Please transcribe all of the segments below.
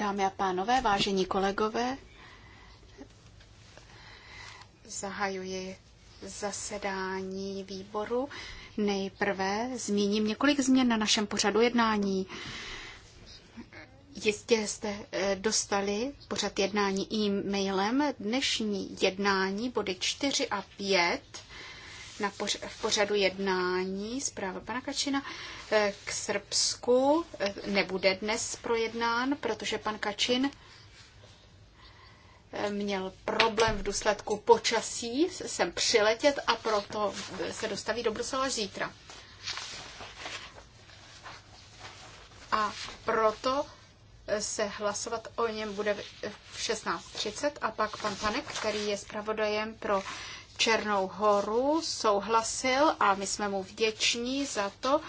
Dámy a pánové, vážení kolegové, zahajuji zasedání výboru. Nejprve zmíním několik změn na našem pořadu jednání. Jistě jste eh, dostali pořad jednání e-mailem. Dnešní jednání body 4 a 5 na poř- v pořadu jednání zpráva pana Kačina eh, k Srbsku eh, nebude dnes projednán, protože pan Kačin eh, měl problém v důsledku počasí sem přiletět a proto se dostaví do Brusela zítra. A proto se hlasovat o něm bude v 16.30 a pak pan Panek, který je zpravodajem pro Černou horu souhlasil a my jsme mu vděční za to,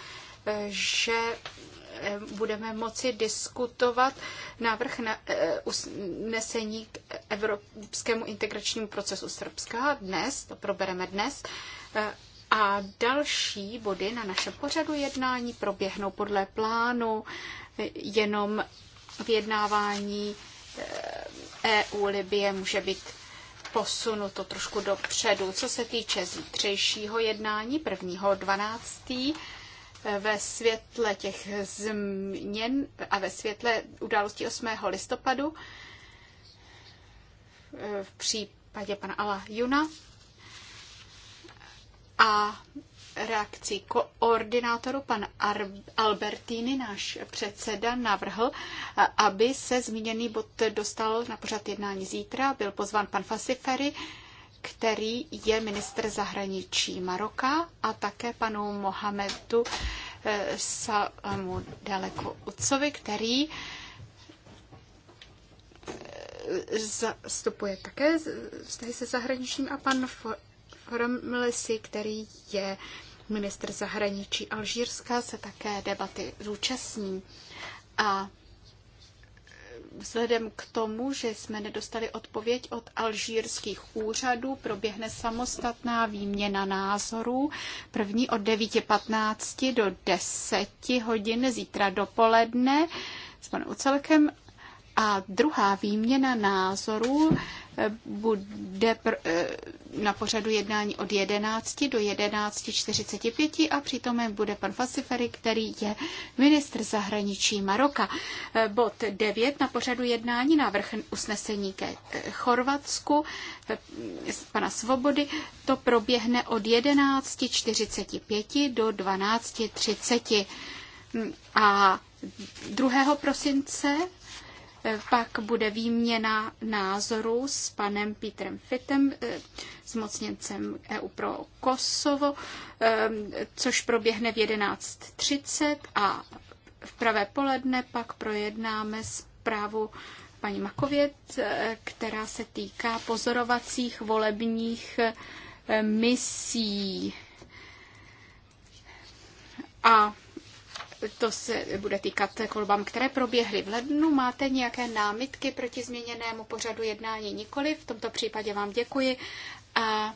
eh, že eh, budeme moci diskutovat návrh na eh, usnesení k evropskému integračnímu procesu Srbska dnes, to probereme dnes, a další body na našem pořadu jednání proběhnou podle plánu jenom vyjednávání EU e Libie může být Posunu to trošku dopředu. Co se týče zítřejšího jednání, 1.12. ve světle těch změn a ve světle události 8. listopadu v případě pana Ala Juna a reakcí koordinátoru pan Ar- Albertini, náš předseda, navrhl, aby se zmíněný bod dostal na pořad jednání zítra. Byl pozván pan Fasifery, který je ministr zahraničí Maroka a také panu Mohamedu eh, Salamu Daleko Ucovi, který eh, zastupuje také vztahy se zahraničním a pan Romlisi, který je ministr zahraničí Alžírska, se také debaty zúčastní. A vzhledem k tomu, že jsme nedostali odpověď od alžírských úřadů, proběhne samostatná výměna názorů. První od 9.15 do 10 hodin zítra dopoledne s panem Ucelkem a druhá výměna názorů eh, bude eh, na pořadu jednání od 11 do 11.45 a přitom bude pan Fasifery, který je ministr zahraničí Maroka. Eh, bod 9 na pořadu jednání návrh usnesení ke Chorvatsku pana Svobody. To proběhne od 11.45 do 12.30. Mm, a 2. prosince pak bude výměna názoru s panem Petrem Fitem, eh, zmocněncem EU pro Kosovo, ehm, což proběhne v 11.30 a v pravé poledne pak projednáme zprávu paní Makovět, eh, která se týká pozorovacích volebních eh, misí. A to se bude týkat kolbám, které proběhly v lednu. Máte nějaké námitky proti změněnému pořadu jednání? Nikoli. V tomto případě vám děkuji a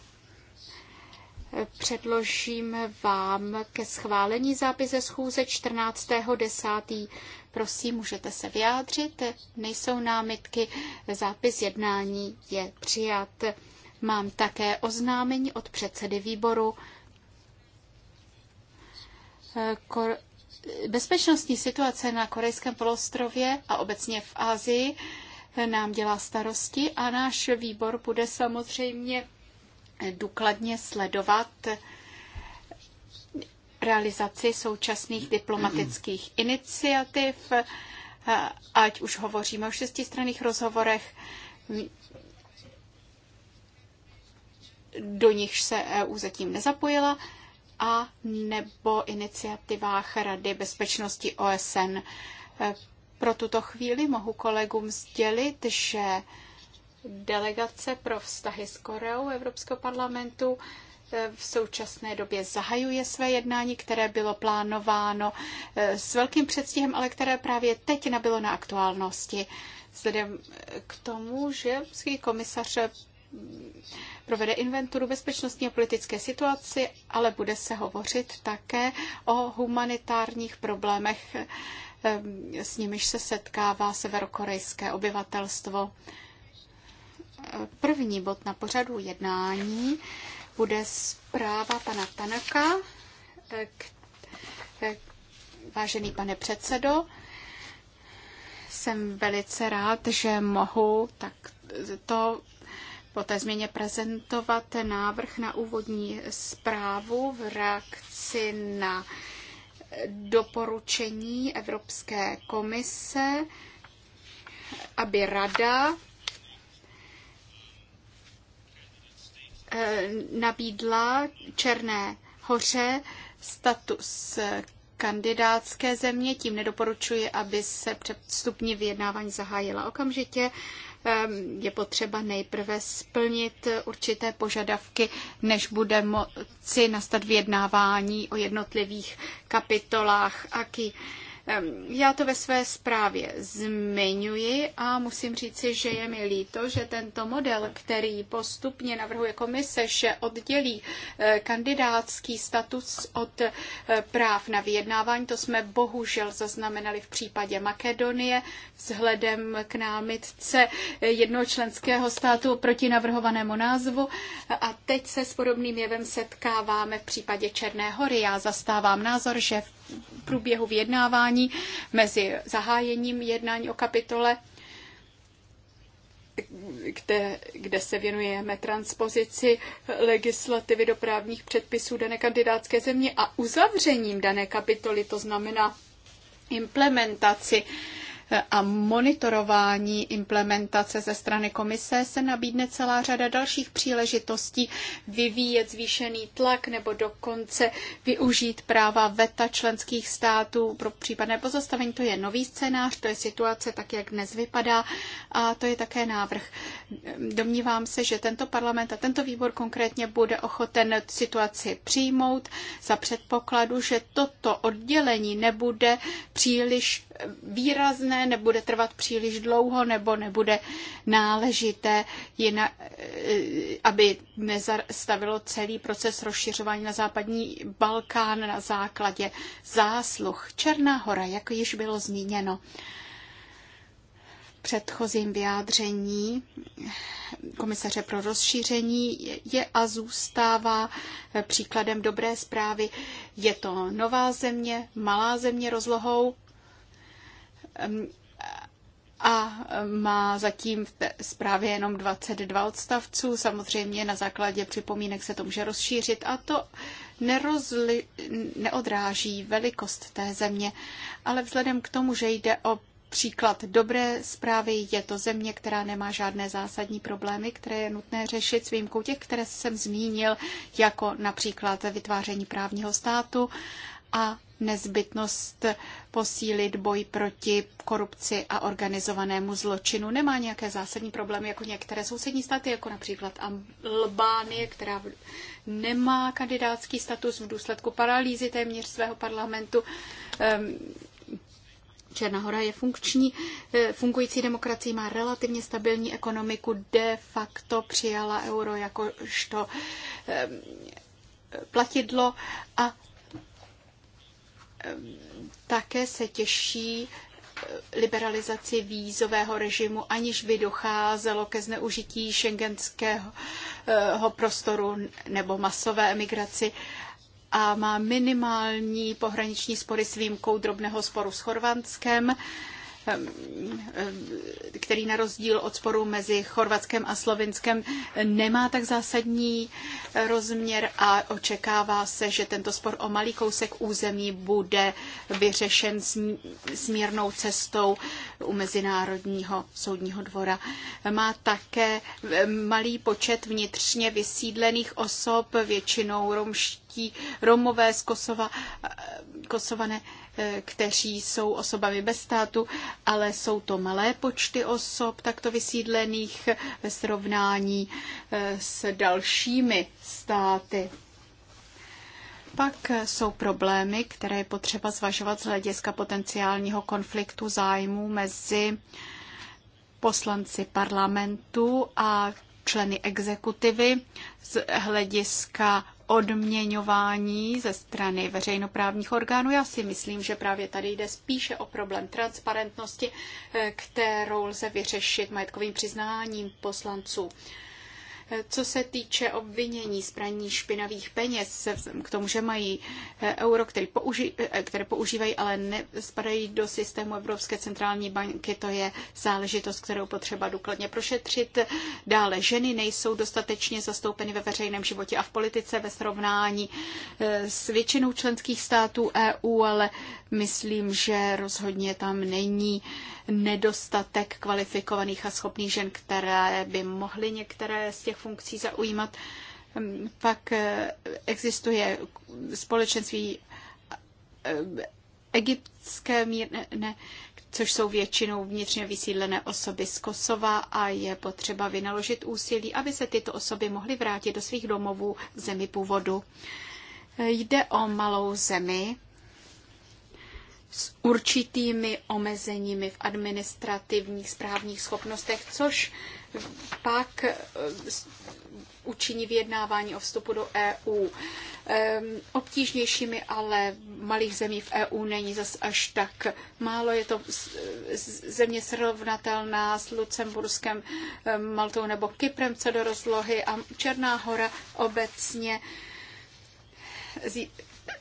předložím vám ke schválení zápis ze schůze 14.10. Prosím, můžete se vyjádřit. Nejsou námitky. Zápis jednání je přijat. Mám také oznámení od předsedy výboru. Kor- bezpečnostní situace na Korejském polostrově a obecně v Asii nám dělá starosti a náš výbor bude samozřejmě důkladně sledovat realizaci současných diplomatických iniciativ, ať už hovoříme o šestistranných rozhovorech, do nich se EU zatím nezapojila, a nebo iniciativách Rady bezpečnosti OSN. Pro tuto chvíli mohu kolegům sdělit, že delegace pro vztahy s Koreou Evropského parlamentu eh, v současné době zahajuje své jednání, které bylo plánováno eh, s velkým předstihem, ale které právě teď nabylo na aktuálnosti. Vzhledem k tomu, že komisař provede inventuru bezpečnostní a politické situaci, ale bude se hovořit také o humanitárních problémech, s nimiž se setkává severokorejské obyvatelstvo. První bod na pořadu jednání bude zpráva pana Tanaka. Vážený pane předsedo, jsem velice rád, že mohu tak to po té změně prezentovat návrh na úvodní zprávu v reakci na doporučení Evropské komise, aby Rada eh, nabídla Černé hoře status kandidátské země. Tím nedoporučuji, aby se předstupní vyjednávání zahájila okamžitě, Ehm, je potřeba nejprve splnit určité požadavky, než bude moci nastat vyjednávání o jednotlivých kapitolách AKI. Já to ve své zprávě zmiňuji a musím říci, že je mi líto, že tento model, který postupně navrhuje komise, že oddělí eh, kandidátský status od eh, práv na vyjednávání, to jsme bohužel zaznamenali v případě Makedonie vzhledem k námitce eh, jednoho členského státu proti navrhovanému názvu. A teď se s podobným jevem setkáváme v případě Černé hory. Já zastávám názor, že v průběhu vyjednávání mezi zahájením jednání o kapitole kde, kde se věnujeme transpozici legislativy do právních předpisů dané kandidátské země a uzavřením dané kapitoly, to znamená implementaci uh, a monitorování implementace ze strany komise se nabídne celá řada dalších příležitostí vyvíjet zvýšený tlak nebo dokonce využít práva veta členských států pro případné pozastavení. To je nový scénář, to je situace tak, jak dnes vypadá a to je také návrh. Domnívám se, že tento parlament a tento výbor konkrétně bude ochoten situaci přijmout za předpokladu, že toto oddělení nebude příliš výrazné, nebude trvat příliš dlouho nebo nebude náležité, jina, eh, aby nezastavilo celý proces rozšiřování na západní Balkán na základě zásluh. Černá hora, jak již bylo zmíněno v předchozím vyjádření komisaře pro rozšíření, je a zůstává příkladem dobré zprávy. Je to nová země, malá země rozlohou, a má zatím v té zprávě jenom 22 odstavců. Samozřejmě na základě připomínek se to může rozšířit a to nerozli, neodráží velikost té země. Ale vzhledem k tomu, že jde o příklad dobré zprávy, je to země, která nemá žádné zásadní problémy, které je nutné řešit s výjimkou těch, které jsem zmínil, jako například vytváření právního státu a nezbytnost posílit boj proti korupci a organizovanému zločinu. Nemá nějaké zásadní problémy jako některé sousední státy, jako například Albánie, která nemá kandidátský status v důsledku paralýzy téměř svého parlamentu. Ehm, Černá hora je funkční, eh, fungující demokracii má relativně stabilní ekonomiku, de facto přijala euro jakožto ehm, platidlo a také se těší eh, liberalizaci vízového režimu, aniž by docházelo ke zneužití šengenského eh, prostoru nebo masové emigraci a má minimální pohraniční spory s výjimkou drobného sporu s Chorvatskem. Ehm, ehm, který na rozdíl od sporu mezi Chorvatskem a Slovinskem nemá tak zásadní rozměr a očekává se, že tento spor o malý kousek území bude vyřešen smírnou cestou u Mezinárodního soudního dvora. Má také ehm, malý počet vnitřně vysídlených osob, většinou romští, romové z Kosova, Kosované kteří jsou osobami bez státu, ale jsou to malé počty osob takto vysídlených ve srovnání eh, s dalšími státy. Pak eh, jsou problémy, které je potřeba zvažovat z hlediska potenciálního konfliktu zájmů mezi poslanci parlamentu a členy exekutivy z hlediska odměňování ze strany veřejnoprávních orgánů. Já si myslím, že právě tady jde spíše o problém transparentnosti, eh, kterou lze vyřešit majetkovým přiznáním poslanců. Co se týče obvinění z praní špinavých peněz, k tomu, že mají eh, euro, který použi, eh, které používají, ale nespadají do systému Evropské centrální banky, to je záležitost, kterou potřeba důkladně prošetřit. Dále ženy nejsou dostatečně zastoupeny ve veřejném životě a v politice ve srovnání eh, s většinou členských států EU, ale myslím, že rozhodně tam není nedostatek kvalifikovaných a schopných žen, které by mohly některé z těch funkcí zaujímat. Hm, Pak eh, existuje společenství eh, egyptské mírné, což jsou většinou vnitřně vysídlené osoby z Kosova a je potřeba vynaložit úsilí, aby se tyto osoby mohly vrátit do svých domovů v zemi původu. Eh, Jde o malou zemi, s určitými omezeními v administrativních správních schopnostech, což pak eh, učiní vyjednávání o vstupu do EU. Ehm, obtížnějšími ale malých zemí v EU není zas až tak málo. Je to země srovnatelná s Lucemburskem, ehm, Maltou nebo Kyprem co do rozlohy a Černá hora obecně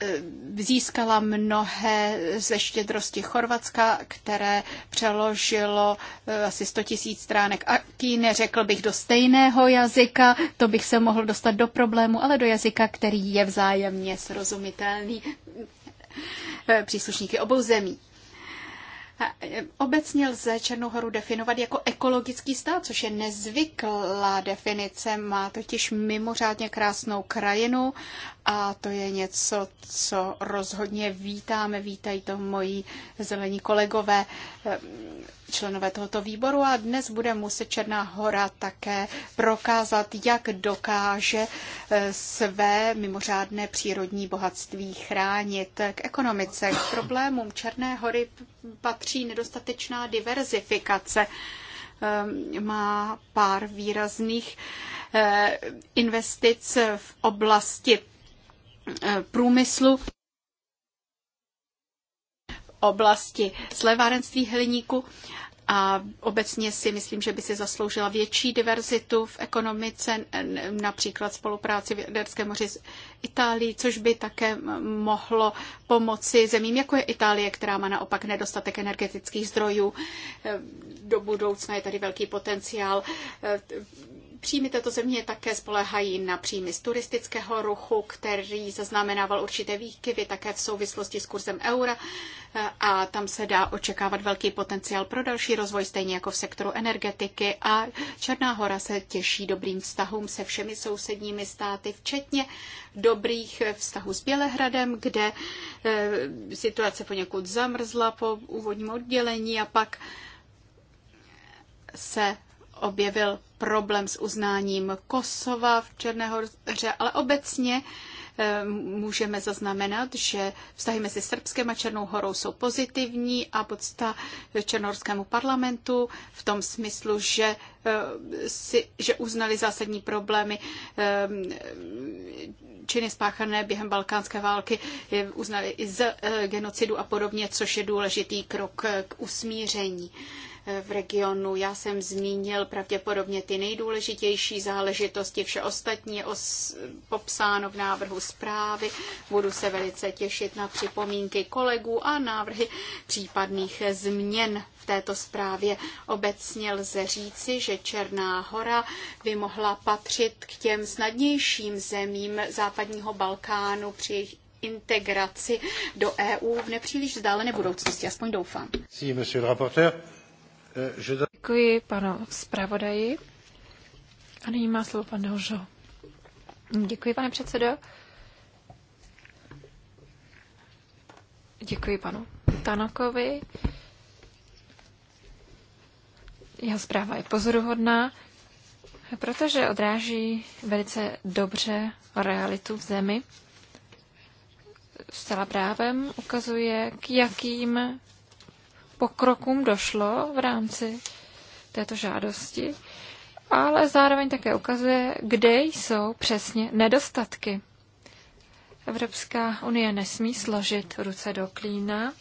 Eh, získala mnohé ze štědrosti Chorvatska, které přeložilo eh, asi 100 tisíc stránek aký, neřekl bych do stejného jazyka, to bych se mohl dostat do problému, ale do jazyka, který je vzájemně srozumitelný eh, příslušníky obou zemí. Obecně lze Černou horu definovat jako ekologický stát, což je nezvyklá definice. Má totiž mimořádně krásnou krajinu a to je něco, co rozhodně vítáme. Vítají to moji zelení kolegové členové tohoto výboru a dnes bude muset Černá hora také prokázat, jak dokáže eh, své mimořádné přírodní bohatství chránit. K ekonomice, k problémům Černé hory patří nedostatečná diverzifikace. Eh, má pár výrazných eh, investic v oblasti průmyslu oblasti slevárenství hliníku a obecně si myslím, že by si zasloužila větší diverzitu v ekonomice, například spolupráci v Jaderské moři s Itálií, což by také mohlo pomoci zemím, jako je Itálie, která má naopak nedostatek energetických zdrojů. E, do budoucna je tady velký potenciál e, Příjmy této země také spolehají na příjmy z turistického ruchu, který zaznamenával určité výkyvy také v souvislosti s kurzem eura eh, a tam se dá očekávat velký potenciál pro další rozvoj, stejně jako v sektoru energetiky a Černá hora se těší dobrým vztahům se všemi sousedními státy, včetně dobrých vztahů s Bělehradem, kde eh, situace poněkud zamrzla po úvodním oddělení a pak se objevil problém s uznáním Kosova v Černéhoře, ale obecně eh, můžeme zaznamenat, že vztahy mezi Srbskem a Černou horou jsou pozitivní a podsta Černorskému parlamentu v tom smyslu, že, eh, si, že uznali zásadní problémy eh, činy spáchané během balkánské války, uznali i z genocidu a podobně, což je důležitý krok k usmíření v regionu. Já jsem zmínil pravděpodobně ty nejdůležitější záležitosti, vše ostatní je os- popsáno v návrhu zprávy. Budu se velice těšit na připomínky kolegů a návrhy případných změn v této zprávě. Obecně lze říci, že Černá hora by mohla patřit k těm snadnějším zemím západního Balkánu při jejich integraci do EU v nepříliš vzdálené budoucnosti, aspoň doufám. Sí, monsieur le rapporteur. Děkuji panu zpravodaji. A nyní má slovo pan Dožo. Děkuji, pane předsedo. Děkuji panu Tanakovi. Jeho zpráva je pozoruhodná, protože odráží velice dobře realitu v zemi. Zcela právem ukazuje, k jakým pokrokům došlo v rámci této žádosti, ale zároveň také ukazuje, kde jsou přesně nedostatky. Evropská unie nesmí složit ruce do klína,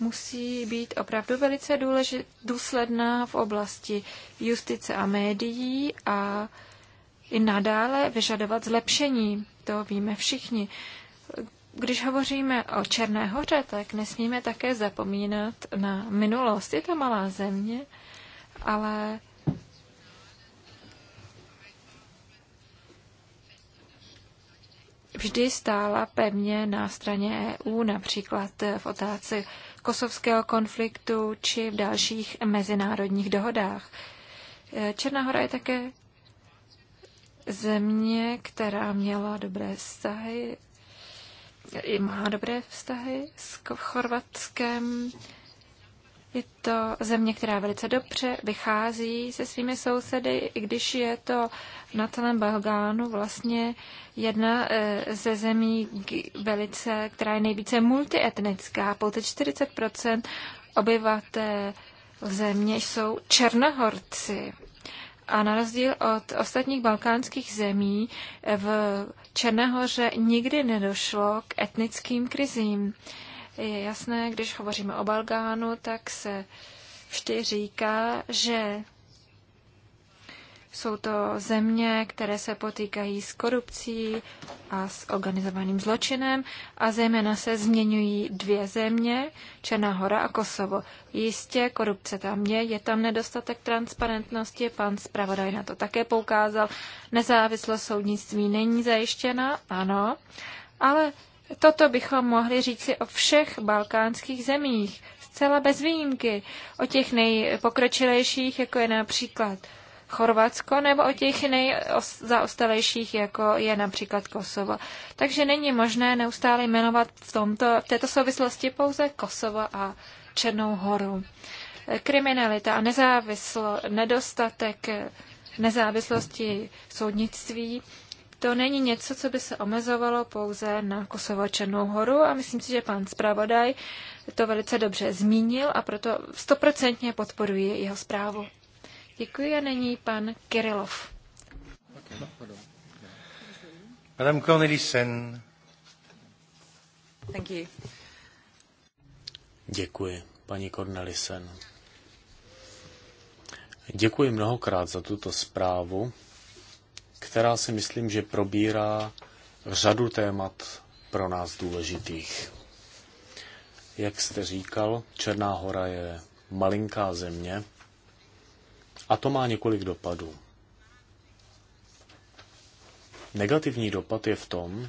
musí být opravdu velice důležit, důsledná v oblasti justice a médií a i nadále vyžadovat zlepšení. To víme všichni. Když hovoříme o Černé hoře, tak nesmíme také zapomínat na minulost. Je to malá země, ale vždy stála pevně na straně EU, například v otázce kosovského konfliktu či v dalších mezinárodních dohodách. Černá hora je také země, která měla dobré vztahy má dobré vztahy s Chorvatskem. Je to země, která velice dobře vychází se svými sousedy, i když je to na celém Balkánu vlastně jedna e, ze zemí velice, která je nejvíce multietnická. Pouze 40 obyvatel v země jsou Černohorci. A na rozdíl od ostatních balkánských zemí v Černéhoře nikdy nedošlo k etnickým krizím. Je jasné, když hovoříme o Balgánu, tak se vždy říká, že jsou to země, které se potýkají s korupcí a s organizovaným zločinem a zejména se změňují dvě země, Černá hora a Kosovo. Jistě korupce tam je, je tam nedostatek transparentnosti, pan zpravodaj na to také poukázal. Nezávislost soudnictví není zajištěna, ano, ale toto bychom mohli říci o všech balkánských zemích, zcela bez výjimky, o těch nejpokročilejších, jako je například Chorvatsko nebo o těch nejzaostalejších, jako je například Kosovo. Takže není možné neustále jmenovat v, tomto, v této souvislosti pouze Kosovo a Černou horu. Kriminalita a nezávislo, nedostatek nezávislosti soudnictví, to není něco, co by se omezovalo pouze na Kosovo a Černou horu a myslím si, že pan zpravodaj to velice dobře zmínil a proto stoprocentně podporuji jeho zprávu. Děkuji a není pan Kirilov. Madame Cornelissen. Thank you. Děkuji, paní Cornelissen. Děkuji mnohokrát za tuto zprávu, která si myslím, že probírá řadu témat pro nás důležitých. Jak jste říkal, Černá hora je malinká země, a to má několik dopadů. Negativní dopad je v tom,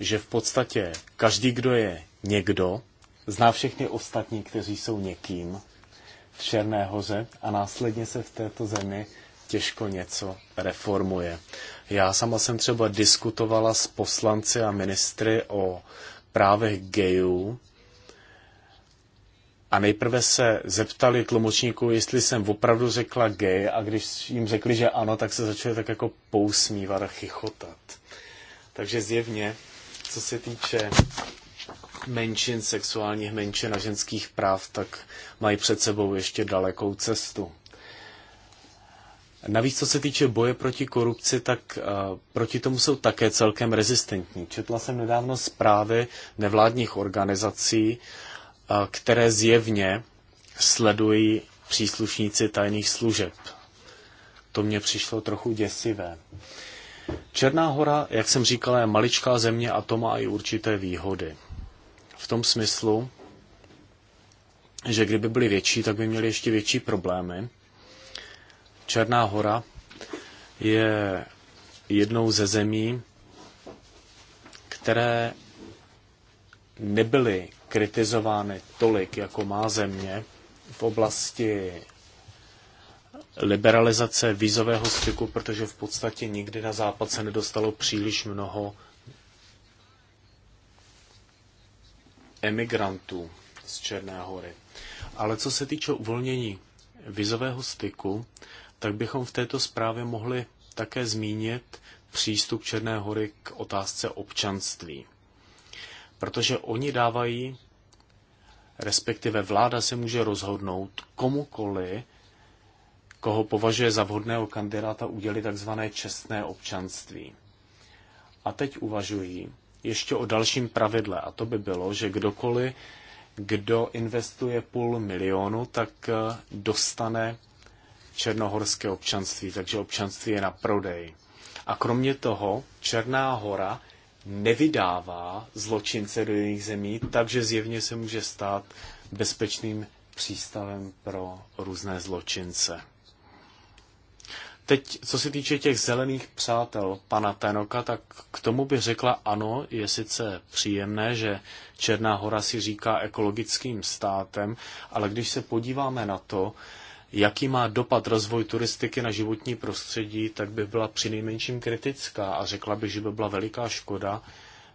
že v podstatě každý, kdo je někdo, zná všechny ostatní, kteří jsou někým v Černé hoře a následně se v této zemi těžko něco reformuje. Já sama jsem třeba diskutovala s poslanci a ministry o právech gejů a nejprve se zeptali tlumočníků, jestli jsem opravdu řekla gay a když jim řekli, že ano, tak se začali tak jako pousmívat a chichotat. Takže zjevně, co se týče menšin, sexuálních menšin a ženských práv, tak mají před sebou ještě dalekou cestu. Navíc, co se týče boje proti korupci, tak uh, proti tomu jsou také celkem rezistentní. Četla jsem nedávno zprávy nevládních organizací, uh, které zjevně sledují příslušníci tajných služeb. To mě přišlo trochu děsivé. Černá hora, jak jsem říkal, je maličká země a to má i určité výhody. V tom smyslu, že kdyby byly větší, tak by měly ještě větší problémy. Černá hora je jednou ze zemí, které nebyly kritizovány tolik jako má země v oblasti liberalizace vízového styku, protože v podstatě nikdy na západ se nedostalo příliš mnoho emigrantů z Černé hory. Ale co se týče uvolnění vizového styku, tak bychom v této zprávě mohli také zmínit přístup Černé hory k otázce občanství. Protože oni dávají respektive vláda se může rozhodnout komukoli, koho považuje za vhodného kandidáta, udělit tzv. čestné občanství. A teď uvažují ještě o dalším pravidle, a to by bylo, že kdokoliv, kdo investuje půl milionu, tak eh, dostane černohorské občanství, takže občanství je na prodej. A kromě toho Černá hora nevydává zločince do jiných zemí, takže zjevně se může stát bezpečným přístavem pro různé zločince. Teď, co se týče těch zelených přátel pana Tenoka, tak k tomu by řekla ano, je sice příjemné, že Černá hora si říká ekologickým státem, ale když se podíváme na to, jaký má dopad rozvoj turistiky na životní prostředí, tak by byla přinejmenším kritická a řekla by, že by byla veliká škoda,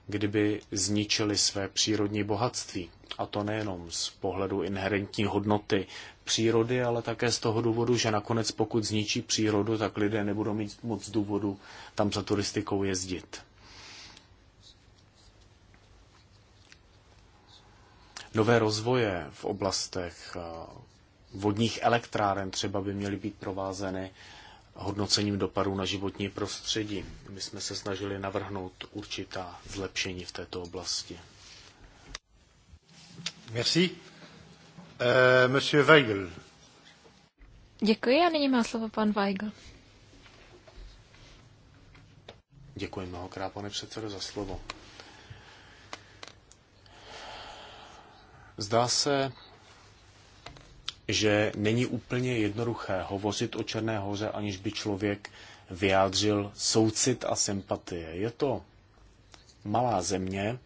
kdyby zničili své přírodní bohatství. A to nejenom z pohledu inherentní hodnoty přírody, ale také z toho důvodu, že nakonec pokud zničí přírodu, tak lidé nebudou mít moc důvodu tam za turistikou jezdit. Nové rozvoje v oblastech vodních elektráren třeba by měly být provázeny hodnocením dopadů na životní prostředí. My jsme se snažili navrhnout určitá zlepšení v této oblasti. Merci. Euh, monsieur Weigl. Děkuji a nyní má slovo pan Weigl. Děkuji mnohokrát, pane předsedo, za slovo. Zdá se, že není úplně jednoduché hovořit o Černé hoře, aniž by člověk vyjádřil soucit a sympatie. Je to malá země,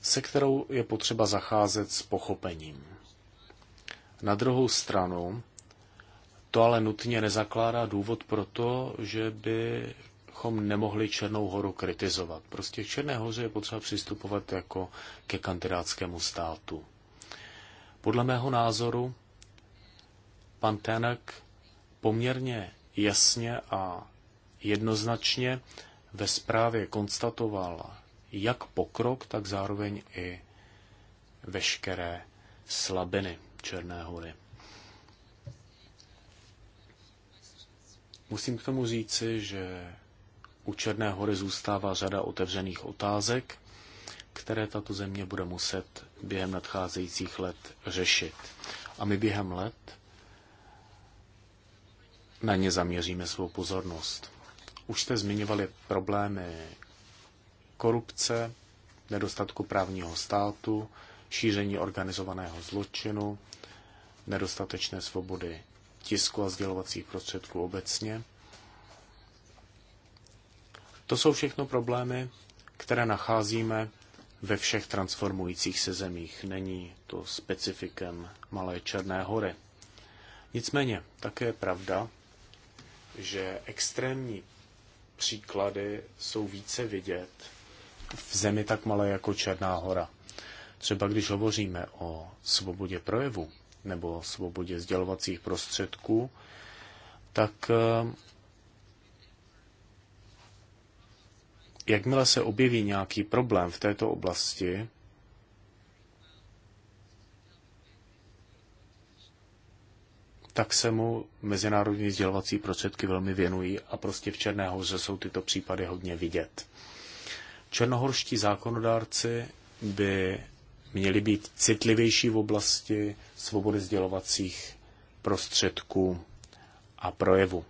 se kterou je potřeba zacházet s pochopením. Na druhou stranu, to ale nutně nezakládá důvod pro to, že bychom nemohli Černou horu kritizovat. Prostě k Černé hoře je potřeba přistupovat jako ke kandidátskému státu. Podle mého názoru pan Tenek poměrně jasně a jednoznačně ve zprávě konstatoval jak pokrok, tak zároveň i veškeré slabiny Černé hory. Musím k tomu říci, že u Černé hory zůstává řada otevřených otázek, které tato země bude muset během nadcházejících let řešit. A my během let na ně zaměříme svou pozornost. Už jste zmiňovali problémy korupce, nedostatku právního státu, šíření organizovaného zločinu, nedostatečné svobody tisku a sdělovacích prostředků obecně. To jsou všechno problémy, které nacházíme ve všech transformujících se zemích. Není to specifikem Malé Černé hory. Nicméně také je pravda, že extrémní příklady jsou více vidět v zemi tak malé jako Černá hora. Třeba když hovoříme o svobodě projevu nebo svobodě sdělovacích prostředků, tak eh, jakmile se objeví nějaký problém v této oblasti, tak se mu mezinárodní sdělovací prostředky velmi věnují a prostě v Černé hoře jsou tyto případy hodně vidět. Černohorští zákonodárci by měli být citlivější v oblasti svobody sdělovacích prostředků a projevu.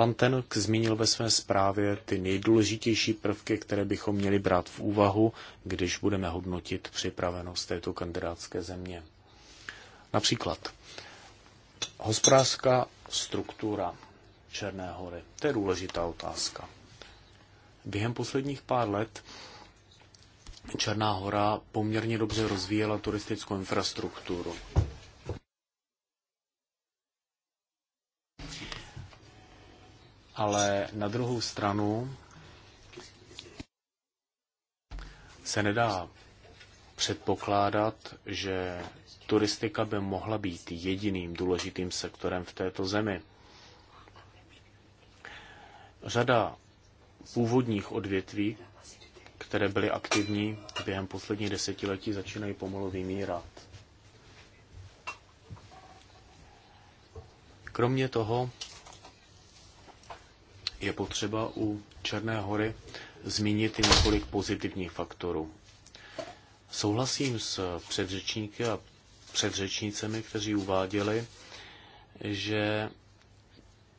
Pan Tenok zmínil ve své zprávě ty nejdůležitější prvky, které bychom měli brát v úvahu, když budeme hodnotit připravenost této kandidátské země. Například hospodářská struktura Černé hory. To je důležitá otázka. Během posledních pár let Černá hora poměrně dobře rozvíjela turistickou infrastrukturu. ale na druhou stranu se nedá předpokládat, že turistika by mohla být jediným důležitým sektorem v této zemi. Řada původních odvětví, které byly aktivní během posledních desetiletí, začínají pomalu vymírat. Kromě toho je potřeba u Černé hory zmínit i několik pozitivních faktorů. Souhlasím s předřečníky a předřečnicemi, kteří uváděli, že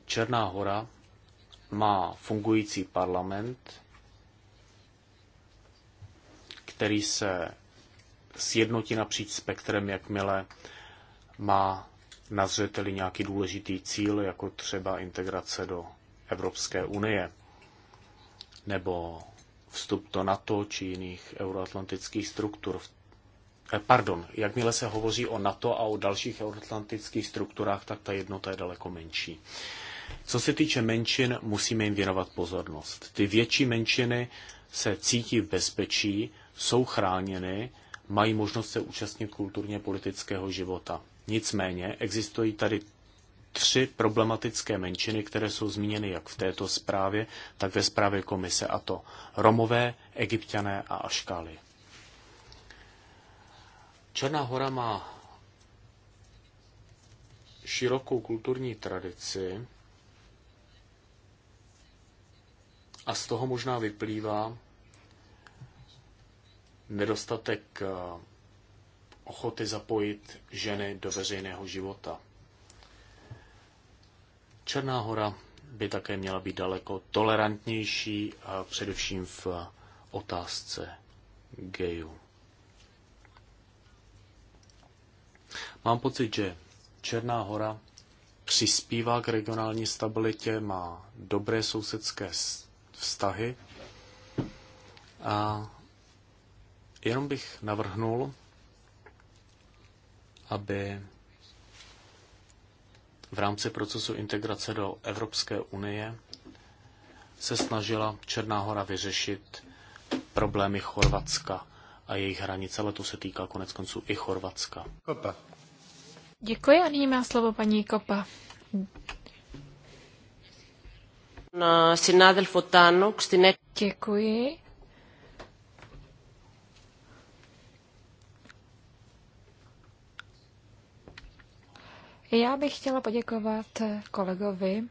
Černá hora má fungující parlament, který se sjednotí napříč spektrem, jakmile má na zřeteli nějaký důležitý cíl, jako třeba integrace do Evropské unie nebo vstup do NATO či jiných euroatlantických struktur. Eh, pardon, jakmile se hovoří o NATO a o dalších euroatlantických strukturách, tak ta jednota je daleko menší. Co se týče menšin, musíme jim věnovat pozornost. Ty větší menšiny se cítí v bezpečí, jsou chráněny, mají možnost se účastnit kulturně politického života. Nicméně existují tady tři problematické menšiny, které jsou zmíněny jak v této zprávě, tak ve zprávě komise, a to Romové, Egyptiané a Aškály. Černá hora má širokou kulturní tradici a z toho možná vyplývá nedostatek ochoty zapojit ženy do veřejného života. Černá hora by také měla být daleko tolerantnější a především v otázce gejů. Mám pocit, že Černá hora přispívá k regionální stabilitě, má dobré sousedské vztahy a jenom bych navrhnul, aby v rámci procesu integrace do Evropské unie se snažila Černá hora vyřešit problémy Chorvatska a jejich hranic, ale to se týká konec konců i Chorvatska. Kopa. Děkuji a nyní má slovo paní Kopa. Děkuji. Já bych chtěla poděkovat kolegovi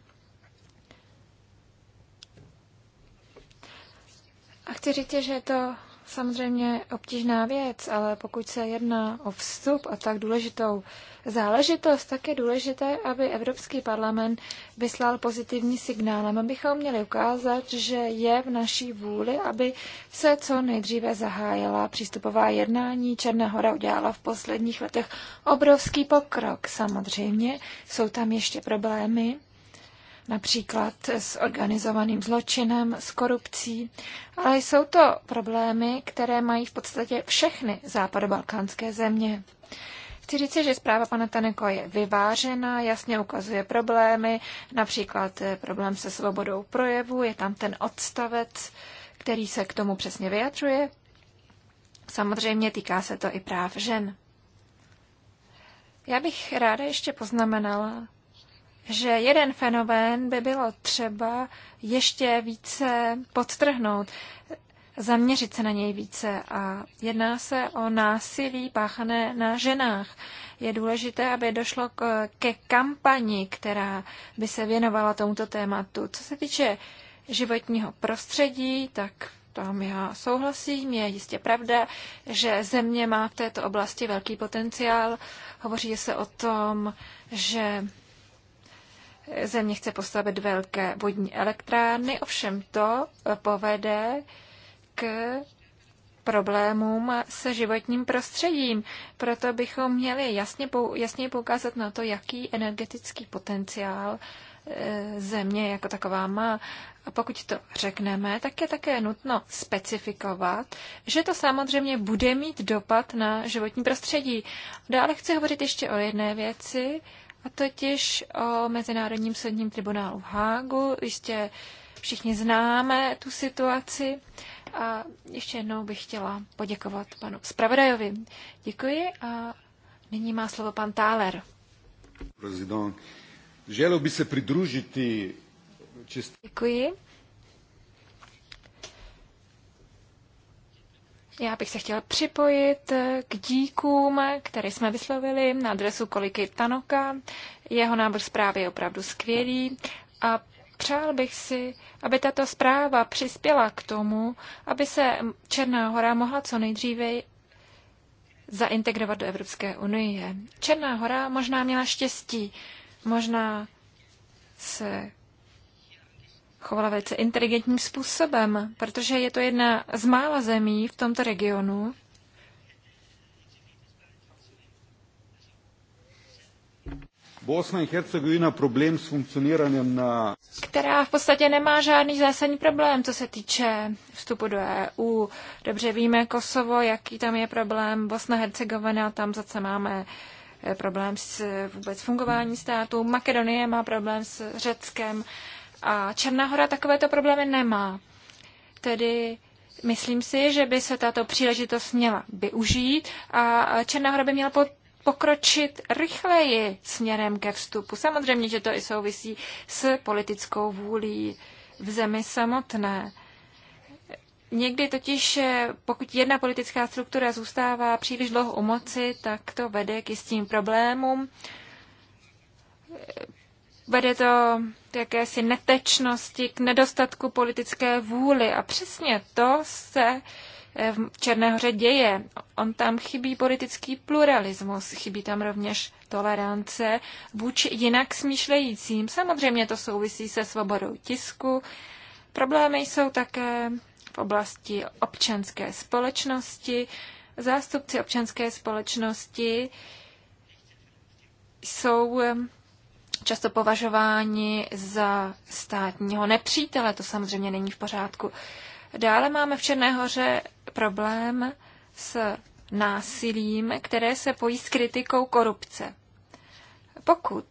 a chci říct, že je to samozřejmě obtížná věc, ale pokud se jedná o vstup a tak důležitou záležitost, tak je důležité, aby Evropský parlament vyslal pozitivní signál. My bychom měli ukázat, že je v naší vůli, aby se co nejdříve zahájila přístupová jednání. Černá hora udělala v posledních letech obrovský pokrok. Samozřejmě jsou tam ještě problémy, například s organizovaným zločinem, s korupcí, ale jsou to problémy, které mají v podstatě všechny západobalkánské země. Chci říci, že zpráva pana Taneko je vyvážená, jasně ukazuje problémy, například eh, problém se svobodou projevu, je tam ten odstavec, který se k tomu přesně vyjadřuje. Samozřejmě týká se to i práv žen. Já bych ráda ještě poznamenala, že jeden fenomén by bylo třeba ještě více podtrhnout, zaměřit se na něj více. A jedná se o násilí páchané na ženách. Je důležité, aby došlo k, ke kampani, která by se věnovala tomuto tématu. Co se týče životního prostředí, tak tam já souhlasím, je jistě pravda, že země má v této oblasti velký potenciál. Hovoří se o tom, že země chce postavit velké vodní elektrárny, ovšem to eh, povede k problémům se životním prostředím. Proto bychom měli jasně, jasně poukázat na to, jaký energetický potenciál eh, země jako taková má. A pokud to řekneme, tak je také nutno specifikovat, že to samozřejmě bude mít dopad na životní prostředí. Dále chci hovořit ještě o jedné věci, a totiž o Mezinárodním soudním tribunálu v Hágu. Jistě všichni známe tu situaci. A ještě jednou bych chtěla poděkovat panu zpravodajovi. Děkuji a nyní má slovo pan Táler. Prezident, želel by se přidružit Děkuji. Já bych se chtěla připojit eh, k díkům, které jsme vyslovili na adresu Koliky Tanoka. Jeho návrh zprávy je opravdu skvělý a přál bych si, aby tato zpráva přispěla k tomu, aby se Černá hora mohla co nejdříve zaintegrovat do Evropské unie. Černá hora možná měla štěstí, možná se chovala velice inteligentním způsobem, protože je to jedna z mála zemí v tomto regionu, Bosna in Hercegovina problém s funkcioniranjem na... Která v podstatě nemá žádný zásadní problém, co se týče vstupu do EU. Dobře víme Kosovo, jaký tam je problém. Bosna Hercegovina, tam zase máme eh, problém s eh, vůbec fungování státu. Makedonie má problém s Řeckem. A Černá hora takovéto problémy nemá. Tedy myslím si, že by se tato příležitost měla využít a Černá hora by měla pokročit rychleji směrem ke vstupu. Samozřejmě, že to i souvisí s politickou vůlí v zemi samotné. Někdy totiž, eh, pokud jedna politická struktura zůstává příliš dlouho u moci, tak to vede k jistým problémům. Vede to k jakési netečnosti, k nedostatku politické vůli. A přesně to se eh, v Černéhoře děje. On tam chybí politický pluralismus, chybí tam rovněž tolerance vůči jinak smýšlejícím. Samozřejmě to souvisí se svobodou tisku. Problémy jsou také v oblasti občanské společnosti. Zástupci občanské společnosti jsou eh, často považováni za státního nepřítele. To samozřejmě není v pořádku. Dále máme v Černé hoře problém s násilím, které se pojí s kritikou korupce. Pokud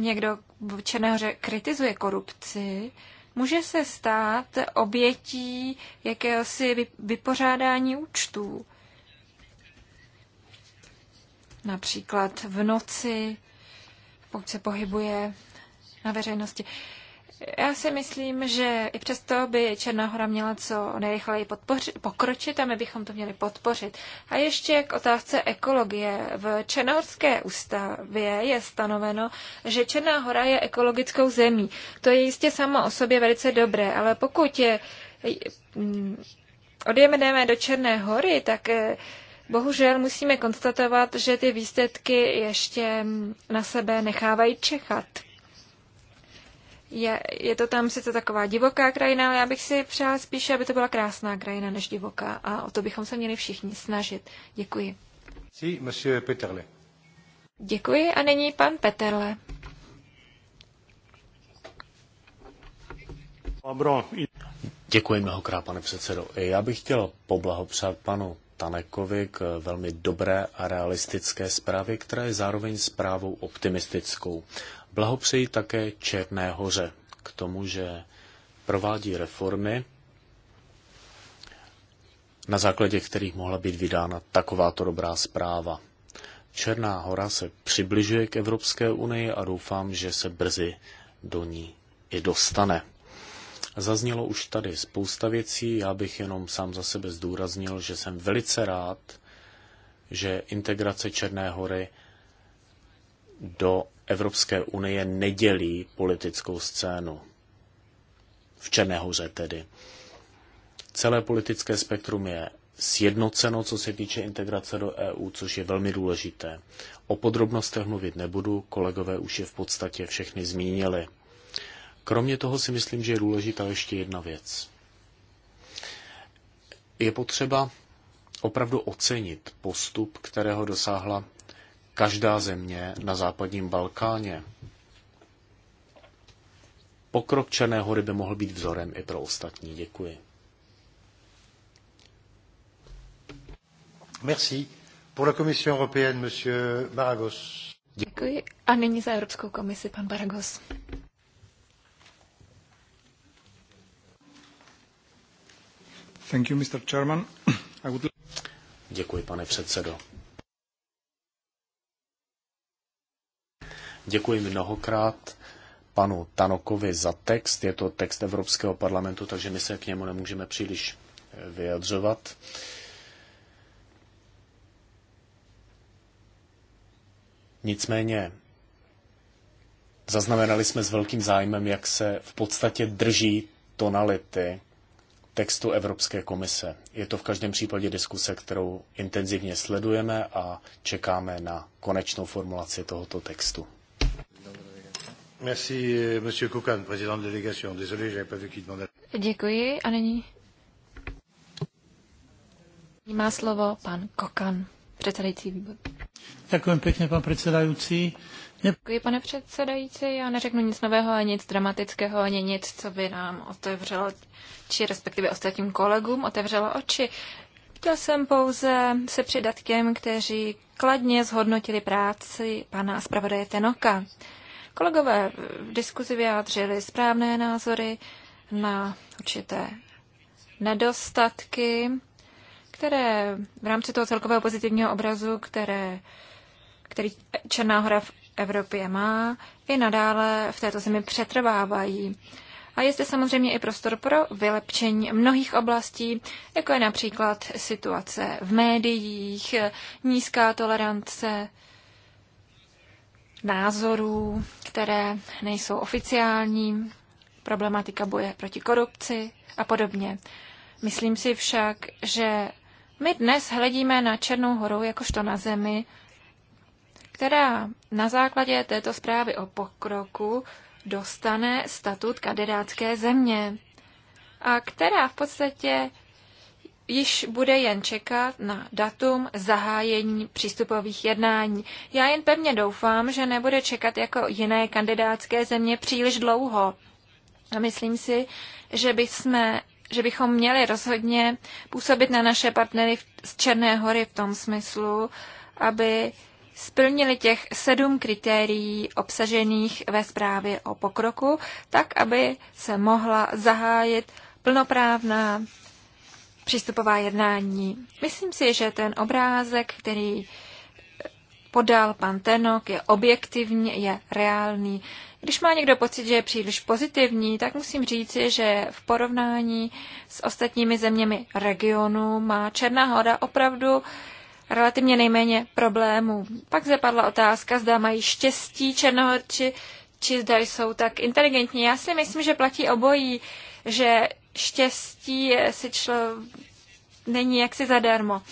někdo v Černé hoře kritizuje korupci, může se stát obětí jakéhosi vypořádání účtů. Například v noci pokud se pohybuje na veřejnosti. Já si myslím, že i přesto by Černá hora měla co nejrychleji podpoři, pokročit a my bychom to měli podpořit. A ještě k otázce ekologie. V Černohorské ústavě je stanoveno, že Černá hora je ekologickou zemí. To je jistě samo o sobě velice dobré, ale pokud je, odjemeneme do Černé hory, tak eh, Bohužel musíme konstatovat, že ty výsledky ještě na sebe nechávají čekat. Je, je to tam sice taková divoká krajina, ale já bych si přála spíše, aby to byla krásná krajina než divoká a o to bychom se měli všichni snažit. Děkuji. Si, monsieur Peterle. Děkuji a nyní pan Peterle. Děkuji mnohokrát, pane předsedo. Já bych chtěl poblahopřát panu Tanekovi k velmi dobré a realistické zprávě, která je zároveň zprávou optimistickou. Blahopřeji také Černé hoře k tomu, že provádí reformy, na základě kterých mohla být vydána takováto dobrá zpráva. Černá hora se přibližuje k Evropské unii a doufám, že se brzy do ní i dostane. Zaznělo už tady spousta věcí, já bych jenom sám za sebe zdůraznil, že jsem velice rád, že integrace Černé hory do Evropské unie nedělí politickou scénu. V Černé hoře tedy. Celé politické spektrum je sjednoceno, co se týče integrace do EU, což je velmi důležité. O podrobnostech mluvit nebudu, kolegové už je v podstatě všechny zmínili. Kromě toho si myslím, že je důležitá ještě jedna věc. Je potřeba opravdu ocenit postup, kterého dosáhla každá země na západním Balkáně. Pokrok Černé hory by mohl být vzorem i pro ostatní. Děkuji. Merci. Pour la Commission européenne, monsieur Baragos. Děkuji. A nyní za Evropskou komisi pan Baragos. Thank you, Mr. Chairman. I would... Děkuji, pane předsedo. Děkuji mnohokrát panu Tanokovi za text. Je to text Evropského parlamentu, takže my se k němu nemůžeme příliš eh, vyjadřovat. Nicméně zaznamenali jsme s velkým zájmem, jak se v podstatě drží tonality textu Evropské komise. Je to v každém případě diskuse, kterou intenzivně sledujeme a čekáme na konečnou formulaci tohoto textu. Merci, monsieur président délégation. Désolé, j'avais pas vu qui demandait. Děkuji a nyní má slovo pan Kokan, předsedající výbor. Děkuji pěkně, pan předsedající. Děkuji, pane předsedající. Já neřeknu nic nového, ani nic dramatického, ani nic, co by nám otevřelo, či respektive ostatním kolegům otevřelo oči. Chtěl jsem pouze se přidat těm, kteří kladně zhodnotili práci pana zpravodaje Tenoka. Kolegové v diskuzi vyjádřili správné názory na určité nedostatky, které v rámci toho celkového pozitivního obrazu, které, který Černá hora v Evropě má, i nadále v této zemi přetrvávají. A je zde samozřejmě i prostor pro vylepšení mnohých oblastí, jako je například situace v médiích, nízká tolerance názorů, které nejsou oficiální, problematika boje proti korupci a podobně. Myslím si však, že my dnes hledíme na Černou horu jakožto na zemi, která na základě této zprávy o pokroku dostane statut kandidátské země a která v podstatě již bude jen čekat na datum zahájení přístupových jednání. Já jen pevně doufám, že nebude čekat jako jiné kandidátské země příliš dlouho. A myslím si, že bychom, že bychom měli rozhodně působit na naše partnery z Černé hory v tom smyslu, aby splnili těch sedm kritérií obsažených ve zprávě o pokroku, tak aby se mohla zahájit plnoprávná přístupová jednání. Myslím si, že ten obrázek, který podal pan Tenok, je objektivní, je reálný. Když má někdo pocit, že je příliš pozitivní, tak musím říci, že v porovnání s ostatními zeměmi regionu má Černá hora opravdu relativně nejméně problémů. Pak zapadla otázka, zda mají štěstí černohorči, či zda jsou tak inteligentní. Já si myslím, že platí obojí, že štěstí si člo, není jaksi zadarmo.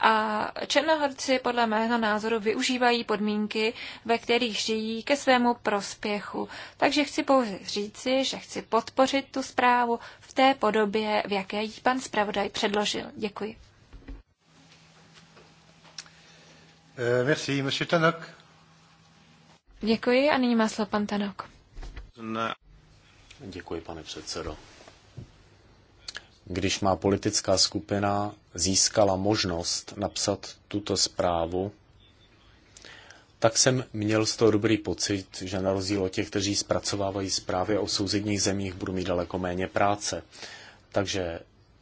A černohorci podle mého názoru využívají podmínky, ve kterých žijí ke svému prospěchu. Takže chci pouze říci, že chci podpořit tu zprávu v té podobě, v jaké ji pan zpravodaj předložil. Děkuji. Eh, merci, monsieur Tanok. Děkuji a nyní má slovo pan Tanok. Ne. Děkuji, pane předsedo. Když má politická skupina získala možnost napsat tuto zprávu, tak jsem měl z toho dobrý pocit, že na rozdíl od těch, kteří zpracovávají zprávy o sousedních zemích, budu mít daleko méně práce. Takže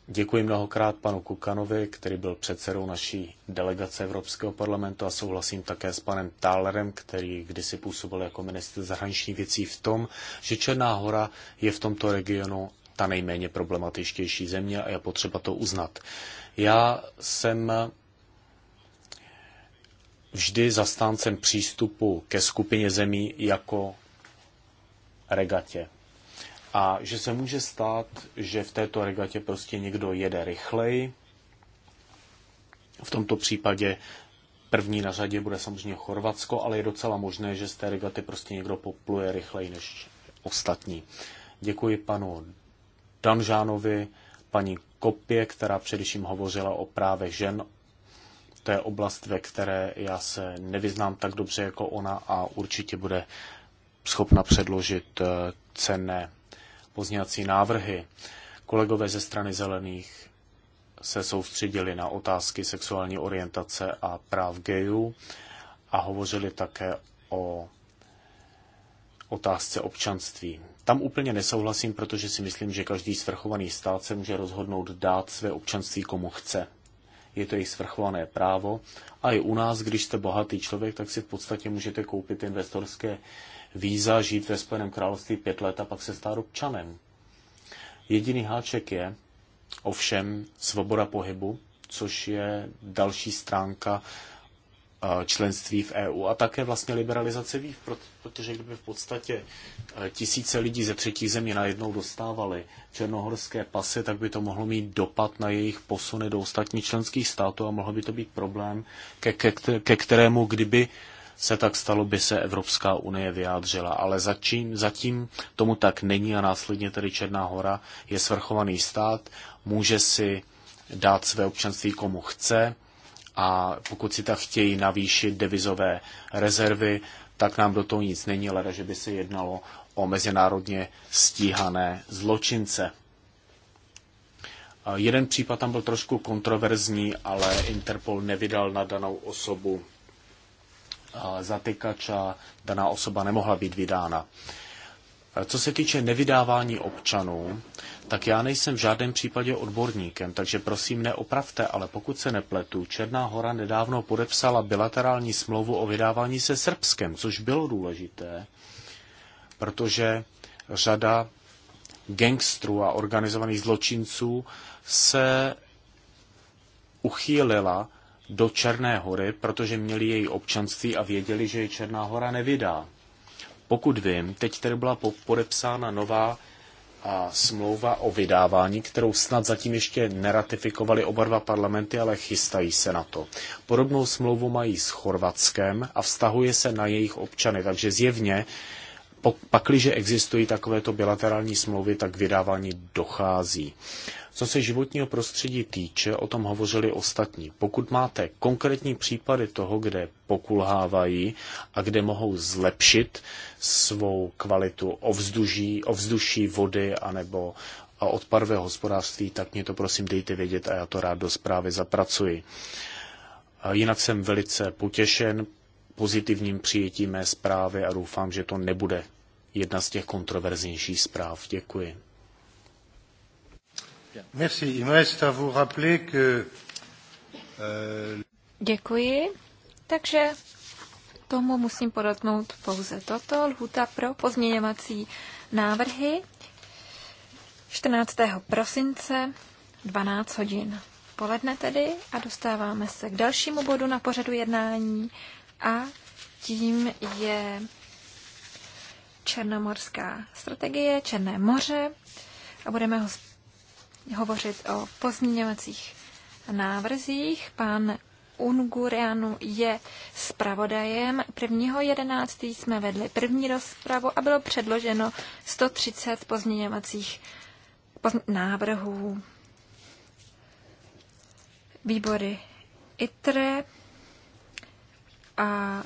Děkuji mnohokrát panu Kukanovi, který byl předsedou naší delegace Evropského parlamentu a souhlasím také s panem Tálerem, který kdysi působil jako minister zahraničních věcí v tom, že Černá hora je v tomto regionu ta nejméně problematičtější země a je potřeba to uznat. Já jsem vždy zastáncem přístupu ke skupině zemí jako regatě a že se může stát, že v této regatě prostě někdo jede rychleji. V tomto případě první na řadě bude samozřejmě Chorvatsko, ale je docela možné, že z té regaty prostě někdo popluje rychleji než ostatní. Děkuji panu Danžánovi, paní Kopě, která především hovořila o právech žen. To je oblast, ve které já se nevyznám tak dobře jako ona a určitě bude schopna předložit eh, cenné pozněcí návrhy. Kolegové ze strany zelených se soustředili na otázky sexuální orientace a práv gejů a hovořili také o otázce občanství. Tam úplně nesouhlasím, protože si myslím, že každý svrchovaný stát se může rozhodnout dát své občanství komu chce. Je to jejich svrchované právo. A i u nás, když jste bohatý člověk, tak si v podstatě můžete koupit investorské víza, žít ve Spojeném království pět let a pak se stát občanem. Jediný háček je ovšem svoboda pohybu, což je další stránka eh, členství v EU a také vlastně liberalizace víz, protože kdyby v podstatě eh, tisíce lidí ze třetích zemí najednou dostávali černohorské pasy, tak by to mohlo mít dopad na jejich posuny do ostatních členských států a mohlo by to být problém, ke, ke, ke kterému kdyby se tak stalo, by se Evropská unie vyjádřila. Ale zatím, zatím tomu tak není a následně tedy Černá hora je svrchovaný stát, může si dát své občanství komu chce a pokud si tak chtějí navýšit devizové rezervy, tak nám do toho nic není, ale že by se jednalo o mezinárodně stíhané zločince. Jeden případ tam byl trošku kontroverzní, ale Interpol nevydal na danou osobu zatykač a daná osoba nemohla být vydána. E, co se týče nevydávání občanů, tak já nejsem v žádném případě odborníkem, takže prosím neopravte, ale pokud se nepletu, Černá hora nedávno podepsala bilaterální smlouvu o vydávání se Srbskem, což bylo důležité, protože řada gangstrů a organizovaných zločinců se uchýlila do Černé hory, protože měli její občanství a věděli, že je Černá hora nevydá. Pokud vím, teď tedy byla podepsána nová a smlouva o vydávání, kterou snad zatím ještě neratifikovali oba dva parlamenty, ale chystají se na to. Podobnou smlouvu mají s Chorvatskem a vztahuje se na jejich občany, takže zjevně, pakliže existují takovéto bilaterální smlouvy, tak vydávání dochází. Co se životního prostředí týče, o tom hovořili ostatní. Pokud máte konkrétní případy toho, kde pokulhávají a kde mohou zlepšit svou kvalitu ovzduší, ovzduší vody anebo a hospodářství, tak mě to prosím dejte vědět a já to rád do zprávy zapracuji. Jinak jsem velice potěšen pozitivním přijetím mé zprávy a doufám, že to nebude jedna z těch kontroverznějších zpráv. Děkuji. Euh, Děkuji. Takže tomu musím podotknout pouze toto. Lhuta pro pozměňovací návrhy 14. prosince 12 hodin poledne tedy a dostáváme se k dalšímu bodu na pořadu jednání a tím je Černomorská strategie, Černé moře a budeme ho hovořit o pozměňovacích návrzích. Pan Ungurianu je zpravodajem. 1.11. jsme vedli první rozpravu a bylo předloženo 130 pozměňovacích návrhů. Výbory ITRE a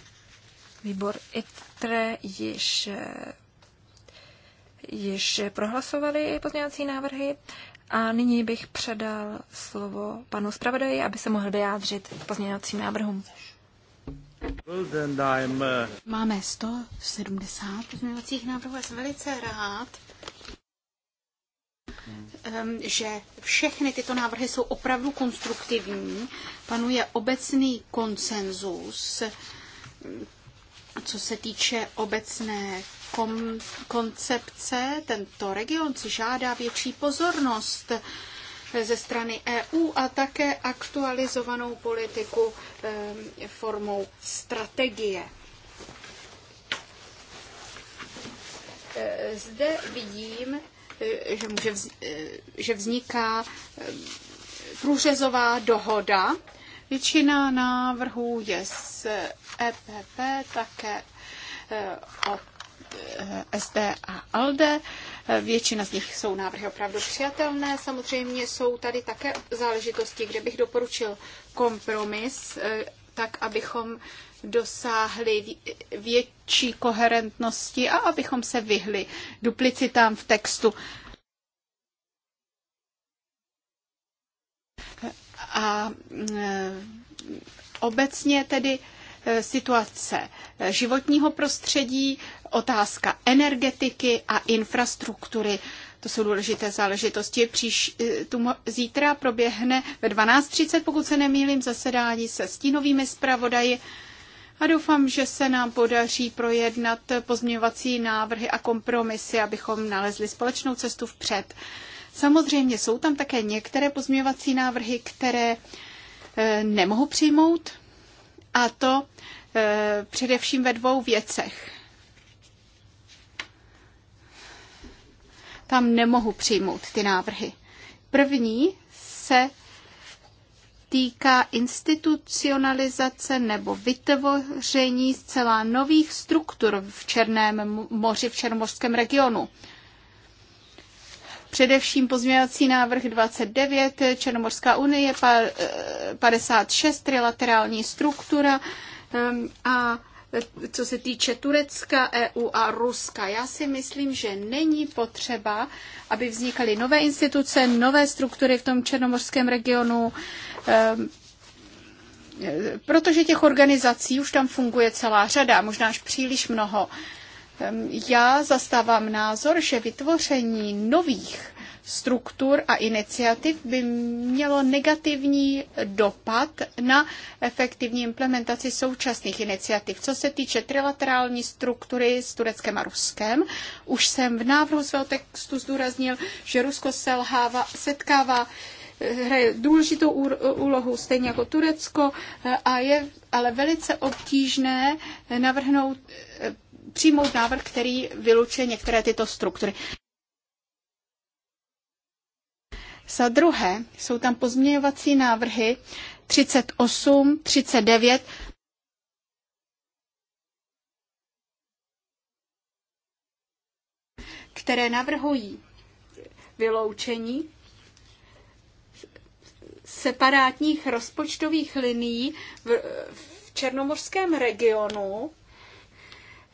výbor ITRE již již prohlasovali pozměňovací návrhy. A nyní bych předal slovo panu zpravodaji, aby se mohl vyjádřit k pozměňovacím návrhům. Máme 170 pozměňovacích návrhů a jsem velice rád, ehm, že všechny tyto návrhy jsou opravdu konstruktivní. Panuje obecný konsenzus, co se týče obecné kom- koncepce. Tento region si žádá větší pozornost ze strany EU a také aktualizovanou politiku eh, formou strategie. Eh, zde vidím, eh, že, může vz- že vzniká průřezová dohoda. Většina návrhů je z EPP, také od Eh, SD a ALDE. Většina z nich jsou návrhy opravdu přijatelné. Samozřejmě jsou tady také záležitosti, kde bych doporučil kompromis, eh, tak abychom dosáhli větší koherentnosti a abychom se vyhli duplicitám v textu. Eh, a obecně tedy Eh, situace eh, životního prostředí, otázka energetiky a infrastruktury. To jsou důležité záležitosti. Příš, eh, tu, zítra proběhne ve 12.30, pokud se nemýlím, zasedání se stínovými zpravodaji a doufám, že se nám podaří projednat pozměňovací návrhy a kompromisy, abychom nalezli společnou cestu vpřed. Samozřejmě jsou tam také některé pozměňovací návrhy, které nemohu přijmout, a to e, především ve dvou věcech. Tam nemohu přijmout ty návrhy. První se týká institucionalizace nebo vytvoření zcela nových struktur v Černém moři, v Černomorském regionu. Především pozměňovací návrh 29, Černomorská unie, 56, eh, trilaterální struktura ehm, a eh, co se týče Turecka, EU a Ruska. Já si myslím, že není potřeba, aby vznikaly nové instituce, nové struktury v tom černomorském regionu, ehm, eh, protože těch organizací už tam funguje celá řada, možná až příliš mnoho. Já zastávám názor, že vytvoření nových struktur a iniciativ by mělo negativní dopad na efektivní implementaci současných iniciativ. Co se týče trilaterální struktury s Tureckem a Ruskem, už jsem v návrhu svého textu zdůraznil, že Rusko selhává, setkává eh, hraje důležitou úlohu, stejně jako Turecko, eh, a je ale velice obtížné eh, navrhnout přijmout návrh, který vylučuje některé tyto struktury. Za druhé jsou tam pozměňovací návrhy 38, 39, které navrhují vyloučení separátních rozpočtových linií v, v černomorském regionu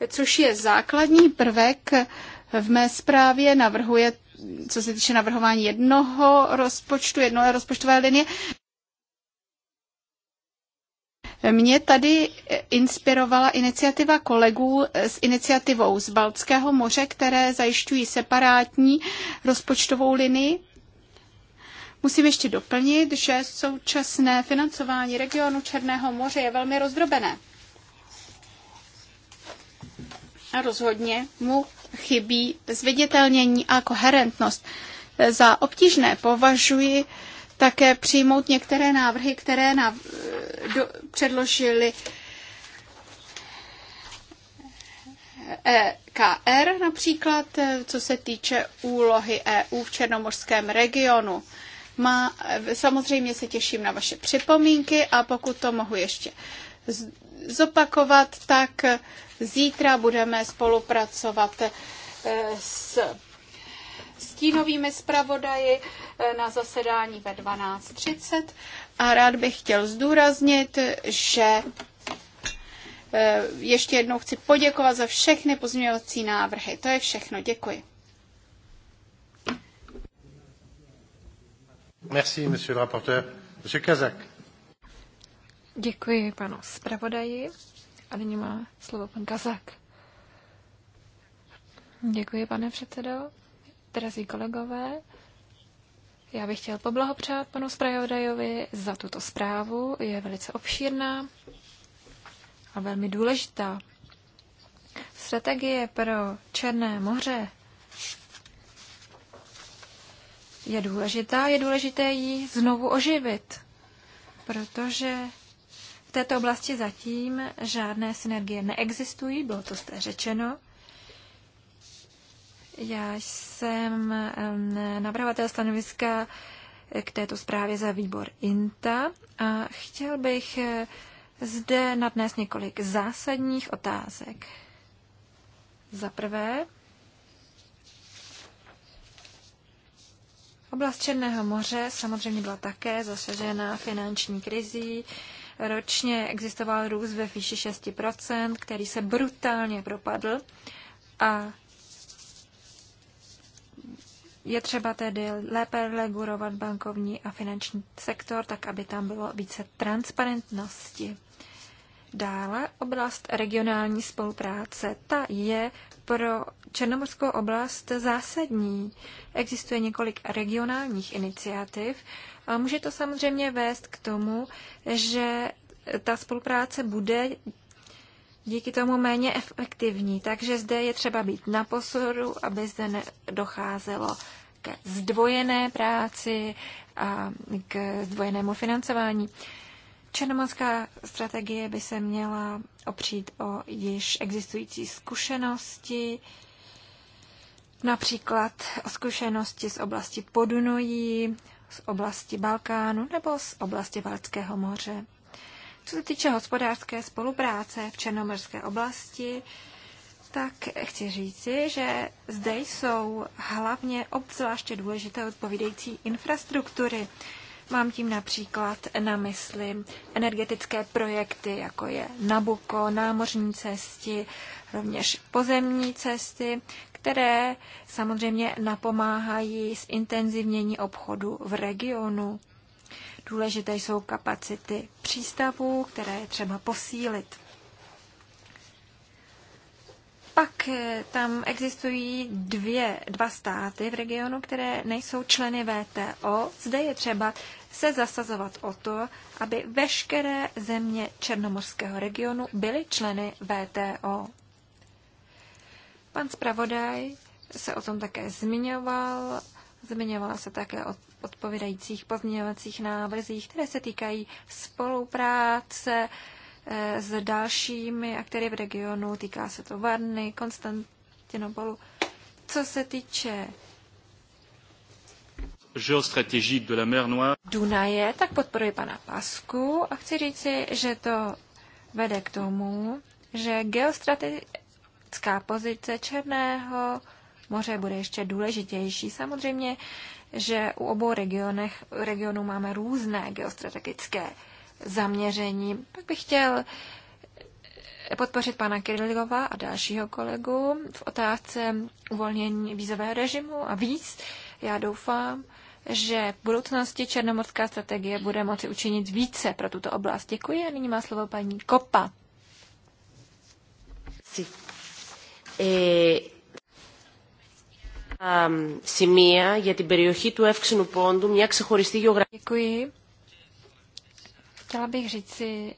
což je základní prvek v mé zprávě, navrhuje, co se týče navrhování jednoho rozpočtu, jednoho rozpočtové linie. Mě tady inspirovala iniciativa kolegů s iniciativou z Baltského moře, které zajišťují separátní rozpočtovou linii. Musím ještě doplnit, že současné financování regionu Černého moře je velmi rozdrobené. Rozhodně mu chybí zvědětelnění a koherentnost. Za obtížné považuji také přijmout některé návrhy, které nav- do- předložili EKR například, co se týče úlohy EU v černomorském regionu. Má, samozřejmě se těším na vaše připomínky a pokud to mohu ještě zopakovat, tak zítra budeme spolupracovat eh, s stínovými zpravodaji eh, na zasedání ve 12.30 a rád bych chtěl zdůraznit, že eh, ještě jednou chci poděkovat za všechny pozměňovací návrhy. To je všechno. Děkuji. Merci, monsieur le rapporteur. Monsieur Kazak. Děkuji panu zpravodaji. A nyní má slovo pan Kazak. Děkuji, pane předsedo. Drazí kolegové, já bych chtěl poblahopřát panu zpravodajovi za tuto zprávu. Je velice obšírná a velmi důležitá. Strategie pro Černé moře je důležitá, je důležité ji znovu oživit, protože této oblasti zatím žádné synergie neexistují, bylo to zde řečeno. Já jsem navrhovatel stanoviska k této zprávě za výbor INTA a chtěl bych eh, zde nadnést několik zásadních otázek. Za prvé, Oblast Černého moře samozřejmě byla také zasažena finanční krizí, Ročně existoval růst ve výši 6%, který se brutálně propadl a je třeba tedy lépe regulovat bankovní a finanční sektor, tak aby tam bylo více transparentnosti. Dále oblast regionální spolupráce. Ta je pro Černomorskou oblast zásadní. Existuje několik regionálních iniciativ a může to samozřejmě vést k tomu, že ta spolupráce bude díky tomu méně efektivní. Takže zde je třeba být na posoru, aby zde docházelo ke zdvojené práci a k zdvojenému financování. Černomorská strategie by se měla opřít o již existující zkušenosti, například o zkušenosti z oblasti Podunojí, z oblasti Balkánu nebo z oblasti Valtského moře. Co se týče hospodářské spolupráce v Černomorské oblasti, tak chci říci, že zde jsou hlavně obzvláště důležité odpovídající infrastruktury. Mám tím například na mysli energetické projekty, jako je Nabuko, námořní cesty, rovněž pozemní cesty, které samozřejmě napomáhají s intenzivnění obchodu v regionu. Důležité jsou kapacity přístavů, které je třeba posílit. Pak eh, tam existují dvě, dva státy v regionu, které nejsou členy VTO. Zde je třeba se zasazovat o to, aby veškeré země Černomorského regionu byly členy VTO. Pan zpravodaj se o tom také zmiňoval. Zmiňovala se také o odpovídajících pozměňovacích návrzích, které se týkají spolupráce Eh, s dalšími aktéry v regionu, týká se to Varny, Konstantinopolu. Co se týče de la mer Noire. Dunaje, tak podporuji pana Pasku a chci říci, že to vede k tomu, že geostrategická pozice Černého moře bude ještě důležitější. Samozřejmě, že u obou regionech, regionů máme různé geostrategické zaměření. Pak bych chtěl podpořit pana Kirilova a dalšího kolegu v otázce uvolnění vízového režimu a víc. Já doufám, že v budoucnosti černomorská strategie bude moci učinit více pro tuto oblast. Děkuji a nyní má slovo paní Kopa. Sí. E, je σημεία για την περιοχή του εύξηνου πόντου, μια ξεχωριστή γεωγραφική. Děkuji chtěla bych říci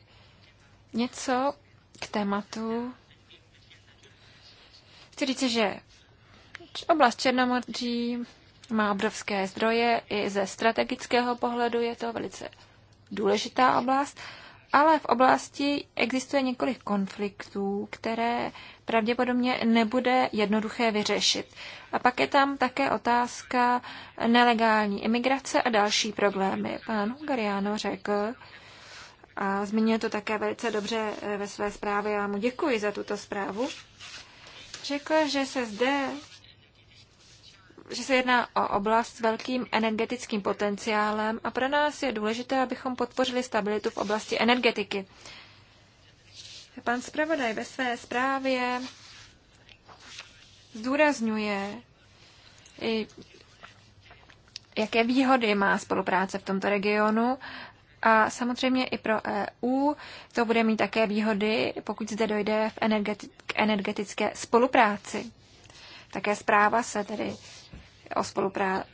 něco k tématu. Chci říci, že oblast Černomoří má obrovské zdroje, i ze strategického pohledu je to velice důležitá oblast, ale v oblasti existuje několik konfliktů, které pravděpodobně nebude jednoduché vyřešit. A pak je tam také otázka nelegální imigrace a další problémy. Pan Hungariano řekl, a zmiňuje to také velice dobře eh, ve své zprávě. Já mu děkuji za tuto zprávu. Řekl, že se zde že se jedná o oblast s velkým energetickým potenciálem a pro nás je důležité, abychom podpořili stabilitu v oblasti energetiky. Pan zpravodaj ve své zprávě zdůrazňuje, jaké výhody má spolupráce v tomto regionu a samozřejmě i pro EU to bude mít také výhody, pokud zde dojde v energeti- k energetické spolupráci. Také zpráva se tedy o spolupráci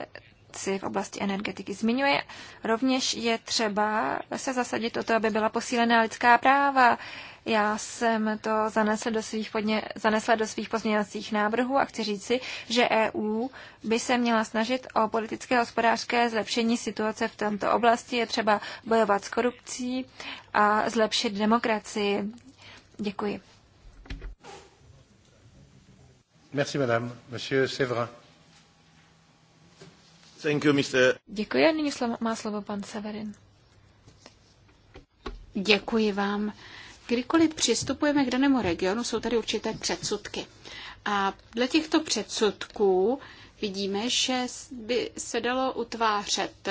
spolupráci v oblasti energetiky zmiňuje. Rovněž je třeba se zasadit o to, aby byla posílená lidská práva. Já jsem to zanesla do svých, podně, zanesla do svých pozměňovacích návrhů a chci říci, že EU by se měla snažit o politické a hospodářské zlepšení situace v tomto oblasti. Je třeba bojovat s korupcí a zlepšit demokracii. Děkuji. Merci, madame. Monsieur Séverin. Thank you, Mr. Děkuji a nyní má slovo pan Severin. Děkuji vám. Kdykoliv přistupujeme k danému regionu, jsou tady určité předsudky. A dle těchto předsudků vidíme, že by se dalo utvářet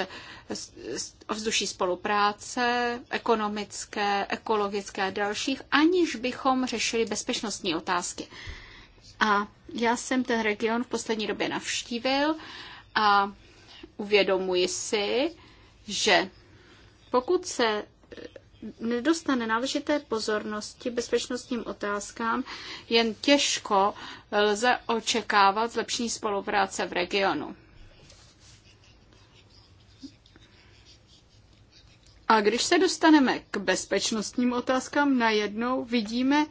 ovzduší spolupráce, ekonomické, ekologické a dalších, aniž bychom řešili bezpečnostní otázky. A já jsem ten region v poslední době navštívil a uvědomuji si, že pokud se eh, nedostane náležité pozornosti bezpečnostním otázkám, jen těžko lze očekávat zlepšení spolupráce v regionu. A když se dostaneme k bezpečnostním otázkám, najednou vidíme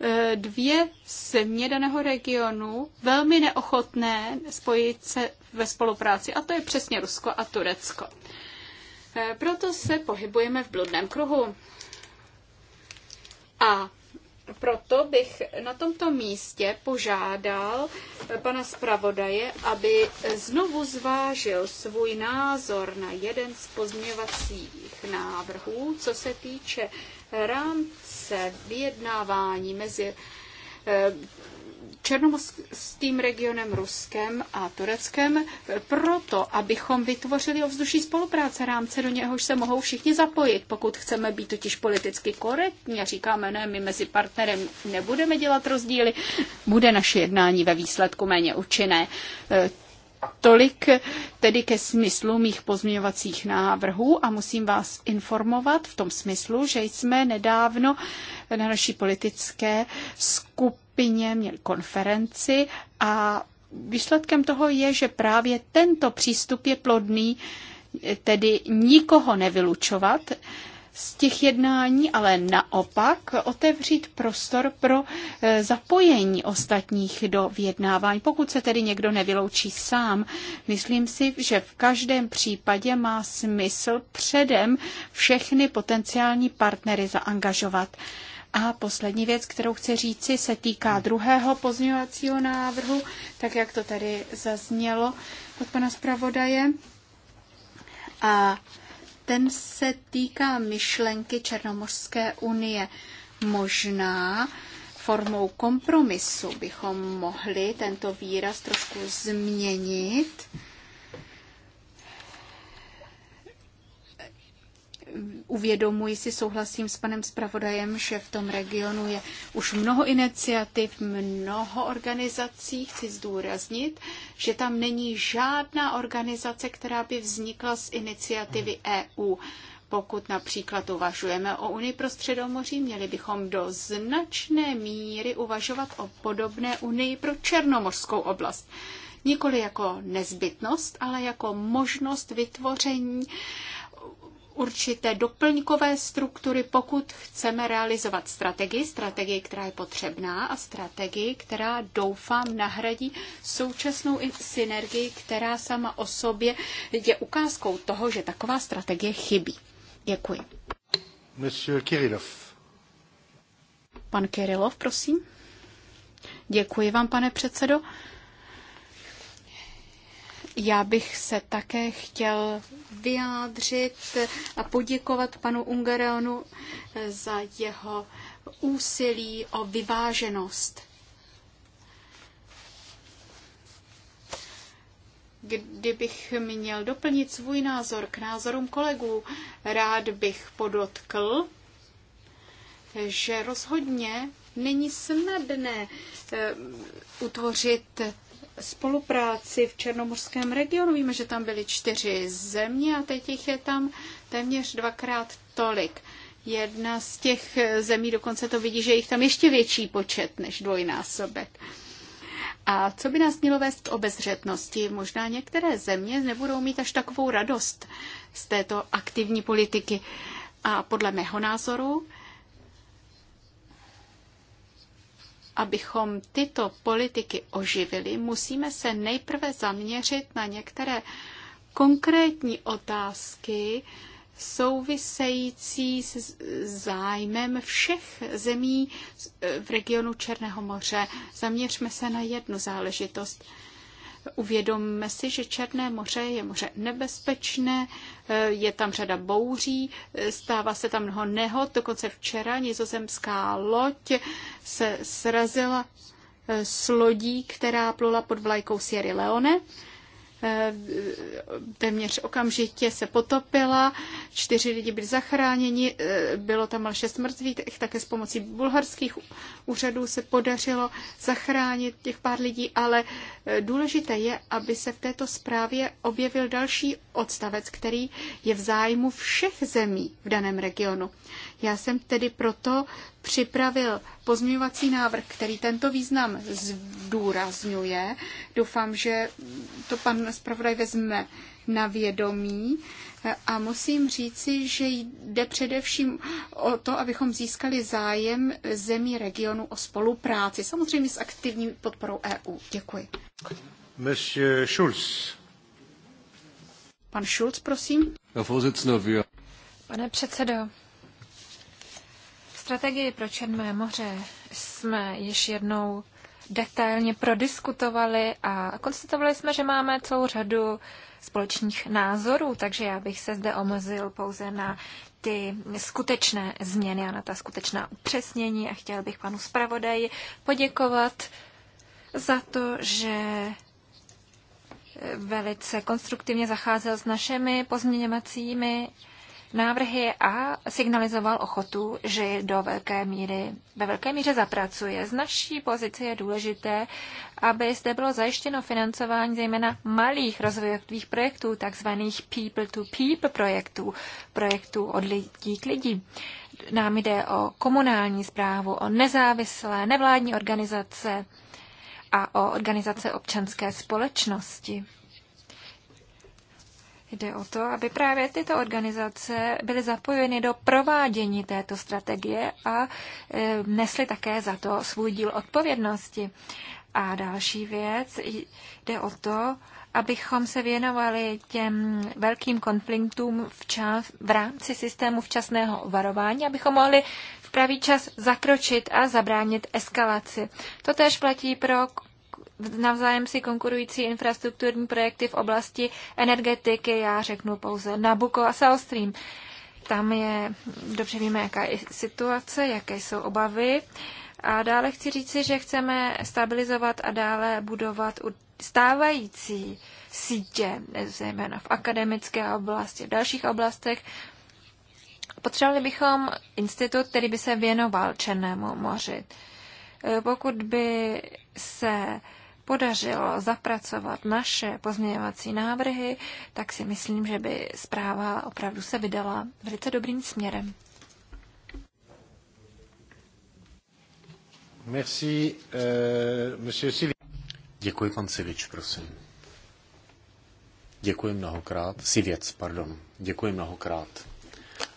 eh, dvě země daného regionu velmi neochotné spojit se ve spolupráci. A to je přesně Rusko a Turecko. E, proto se pohybujeme v bludném kruhu. A proto bych na tomto místě požádal pana zpravodaje, aby znovu zvážil svůj názor na jeden z pozměvacích návrhů, co se týče rámce vyjednávání mezi e, černomorským regionem, Ruskem a Tureckem, proto, abychom vytvořili ovzduší spolupráce rámce, do něhož se mohou všichni zapojit. Pokud chceme být totiž politicky korektní a říkáme, ne, my mezi partnerem nebudeme dělat rozdíly, bude naše jednání ve výsledku méně účinné. Tolik tedy ke smyslu mých pozměňovacích návrhů a musím vás informovat v tom smyslu, že jsme nedávno na naší politické skupině měli konferenci a výsledkem toho je, že právě tento přístup je plodný, tedy nikoho nevylučovat, z těch jednání, ale naopak otevřít prostor pro e, zapojení ostatních do vyjednávání, pokud se tedy někdo nevyloučí sám. Myslím si, že v každém případě má smysl předem všechny potenciální partnery zaangažovat. A poslední věc, kterou chci říci, se týká druhého pozměňovacího návrhu, tak jak to tady zaznělo od pana zpravodaje. A ten se týká myšlenky Černomorské unie. Možná formou kompromisu bychom mohli tento výraz trošku změnit uvědomuji si, souhlasím s panem zpravodajem, že v tom regionu je už mnoho iniciativ, mnoho organizací. Chci zdůraznit, že tam není žádná organizace, která by vznikla z iniciativy EU. Pokud například uvažujeme o Unii pro Středomoří, měli bychom do značné míry uvažovat o podobné Unii pro černomorskou oblast nikoli jako nezbytnost, ale jako možnost vytvoření určité doplňkové struktury, pokud chceme realizovat strategii, strategii, která je potřebná a strategii, která doufám nahradí současnou synergii, která sama o sobě je ukázkou toho, že taková strategie chybí. Děkuji. Monsieur Kirilov. Pan Kirilov, prosím. Děkuji vám, pane předsedo. Já bych se také chtěl vyjádřit a poděkovat panu Ungareonu eh, za jeho úsilí o vyváženost. Kdybych měl doplnit svůj názor k názorům kolegů, rád bych podotkl, že rozhodně není snadné eh, utvořit spolupráci v Černomorském regionu. Víme, že tam byly čtyři země a teď jich je tam téměř dvakrát tolik. Jedna z těch zemí dokonce to vidí, že jich tam ještě větší počet než dvojnásobek. A co by nás mělo vést k obezřetnosti? Možná některé země nebudou mít až takovou radost z této aktivní politiky. A podle mého názoru abychom tyto politiky oživili, musíme se nejprve zaměřit na některé konkrétní otázky související s zájmem všech zemí v regionu Černého moře. Zaměřme se na jednu záležitost. Uvědomme si, že Černé moře je moře nebezpečné, eh, je tam řada bouří, eh, stává se tam mnoho nehod. Dokonce včera nizozemská loď se srazila eh, s lodí, která plula pod vlajkou Sierra Leone. Eh, téměř okamžitě se potopila, čtyři lidi byli zachráněni, eh, bylo tam ale šest mrtvých, také s pomocí bulharských úřadů se podařilo zachránit těch pár lidí, ale eh, důležité je, aby se v této zprávě objevil další odstavec, který je v zájmu všech zemí v daném regionu. Já jsem tedy proto připravil pozměňovací návrh, který tento význam zdůrazňuje. Doufám, že to pan zpravodaj vezme na vědomí. A musím říci, že jde především o to, abychom získali zájem zemí regionu o spolupráci, samozřejmě s aktivní podporou EU. Děkuji. Monsieur Schulz. Pan Schulz, prosím. Pane předsedo, strategii pro Černé moře jsme již jednou detailně prodiskutovali a konstatovali jsme, že máme celou řadu společných názorů, takže já bych se zde omezil pouze na ty skutečné změny a na ta skutečná upřesnění a chtěl bych panu zpravodaji poděkovat za to, že velice konstruktivně zacházel s našimi pozměňovacími návrhy a signalizoval ochotu, že do velké míry, ve velké míře zapracuje. Z naší pozice je důležité, aby zde bylo zajištěno financování zejména malých rozvojových projektů, takzvaných people-to-people -people projektů, projektů od lidí k lidí. Nám jde o komunální zprávu, o nezávislé nevládní organizace a o organizace občanské společnosti. Jde o to, aby právě tyto organizace byly zapojeny do provádění této strategie a e, nesly také za to svůj díl odpovědnosti. A další věc, jde o to, abychom se věnovali těm velkým konfliktům včas, v rámci systému včasného varování, abychom mohli v pravý čas zakročit a zabránit eskalaci. To též platí pro navzájem si konkurující infrastrukturní projekty v oblasti energetiky, já řeknu pouze Nabucco a South Stream. Tam je, dobře víme, jaká je situace, jaké jsou obavy. A dále chci říci, že chceme stabilizovat a dále budovat stávající sítě, zejména v akademické oblasti, v dalších oblastech. Potřebovali bychom institut, který by se věnoval Černému moři. Pokud by se podařilo zapracovat naše pozměňovací návrhy, tak si myslím, že by zpráva opravdu se vydala velice dobrým směrem. Merci, uh, monsieur Děkuji, pan Sivič, prosím. Děkuji mnohokrát. Sivěc, pardon. Děkuji mnohokrát.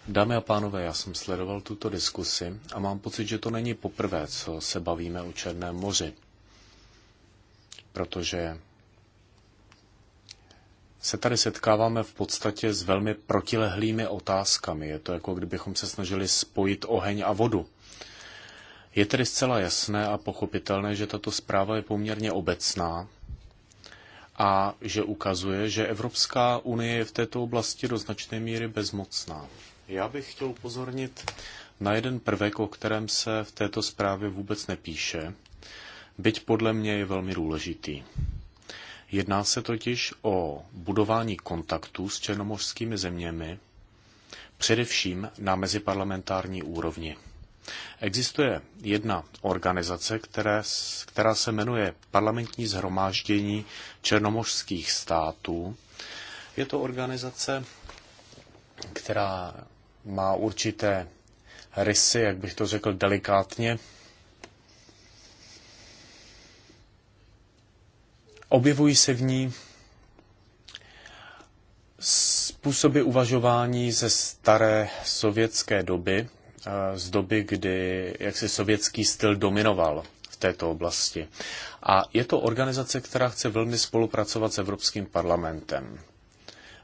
Dámy a pánové, já jsem sledoval tuto diskusi a mám pocit, že to není poprvé, co se bavíme o Černém moři protože se tady setkáváme v podstatě s velmi protilehlými otázkami. Je to jako kdybychom se snažili spojit oheň a vodu. Je tedy zcela jasné a pochopitelné, že tato zpráva je poměrně obecná a že ukazuje, že Evropská unie je v této oblasti do značné míry bezmocná. Já bych chtěl upozornit na jeden prvek, o kterém se v této zprávě vůbec nepíše, byť podle mě je velmi důležitý. Jedná se totiž o budování kontaktů s černomořskými zeměmi, především na meziparlamentární úrovni. Existuje jedna organizace, které, která se jmenuje Parlamentní zhromáždění černomořských států. Je to organizace, která má určité rysy, jak bych to řekl delikátně, Objevují se v ní způsoby uvažování ze staré sovětské doby, eh, z doby, kdy jaksi sovětský styl dominoval v této oblasti. A je to organizace, která chce velmi spolupracovat s Evropským parlamentem.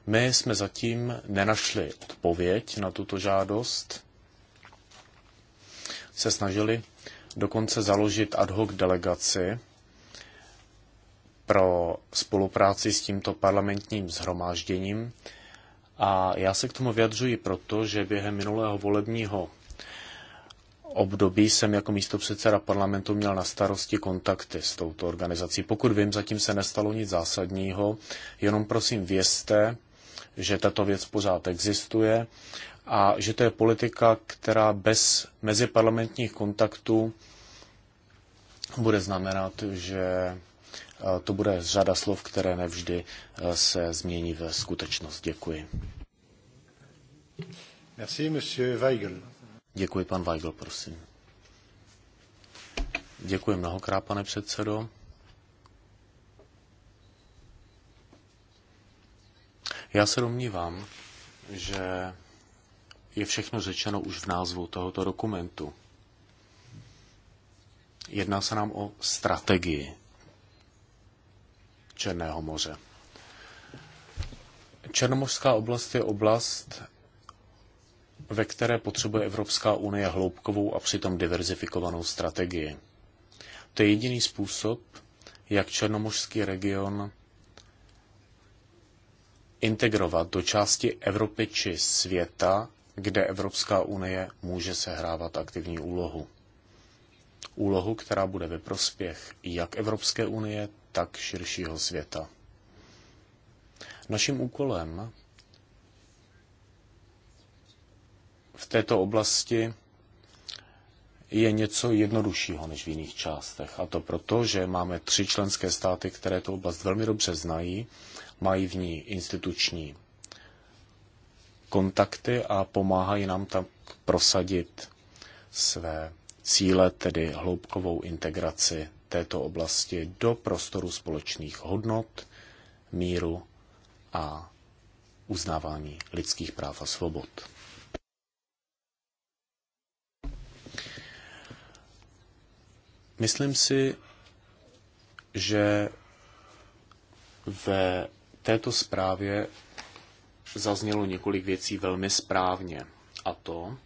My jsme zatím nenašli odpověď na tuto žádost. Se snažili dokonce založit ad hoc delegaci pro spolupráci s tímto parlamentním zhromážděním. A já se k tomu vyjadřuji proto, že během minulého volebního období jsem jako místopředseda parlamentu měl na starosti kontakty s touto organizací. Pokud vím, zatím se nestalo nic zásadního, jenom prosím vězte, že tato věc pořád existuje a že to je politika, která bez meziparlamentních kontaktů bude znamenat, že to bude řada slov, které nevždy e, se změní ve skutečnost. Děkuji. Merci, monsieur Weigl. Děkuji, pan Weigl, prosím. Děkuji mnohokrát, pane předsedo. Já se domnívám, že je všechno řečeno už v názvu tohoto dokumentu. Jedná se nám o strategii Černého moře. Černomořská oblast je oblast, ve které potřebuje Evropská unie hloubkovou a přitom diverzifikovanou strategii. To je jediný způsob, jak černomořský region integrovat do části Evropy či světa, kde Evropská unie může sehrávat aktivní úlohu. Úlohu, která bude ve prospěch jak Evropské unie, tak širšího světa. Naším úkolem v této oblasti je něco jednoduššího než v jiných částech. A to proto, že máme tři členské státy, které tu oblast velmi dobře znají, mají v ní instituční kontakty a pomáhají nám tam prosadit své cíle, tedy hloubkovou integraci této oblasti do prostoru společných hodnot, míru a uznávání lidských práv a svobod. Myslím si, že ve této zprávě zaznělo několik věcí velmi správně. A to,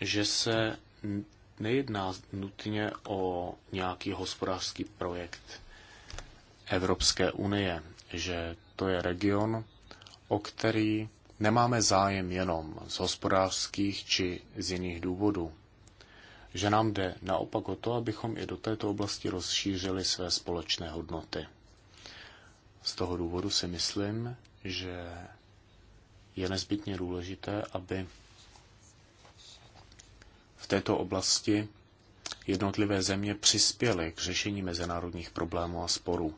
že se nejedná nutně o nějaký hospodářský projekt Evropské unie, že to je region, o který nemáme zájem jenom z hospodářských či z jiných důvodů. Že nám jde naopak o to, abychom i do této oblasti rozšířili své společné hodnoty. Z toho důvodu si myslím, že je nezbytně důležité, aby v této oblasti jednotlivé země přispěly k řešení mezinárodních problémů a sporů.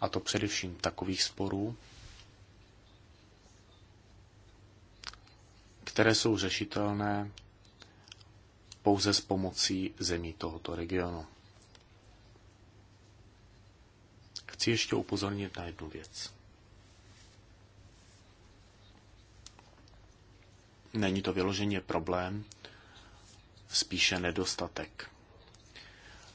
A to především takových sporů, které jsou řešitelné pouze s pomocí zemí tohoto regionu. Chci ještě upozornit na jednu věc. Není to vyloženě problém, spíše nedostatek.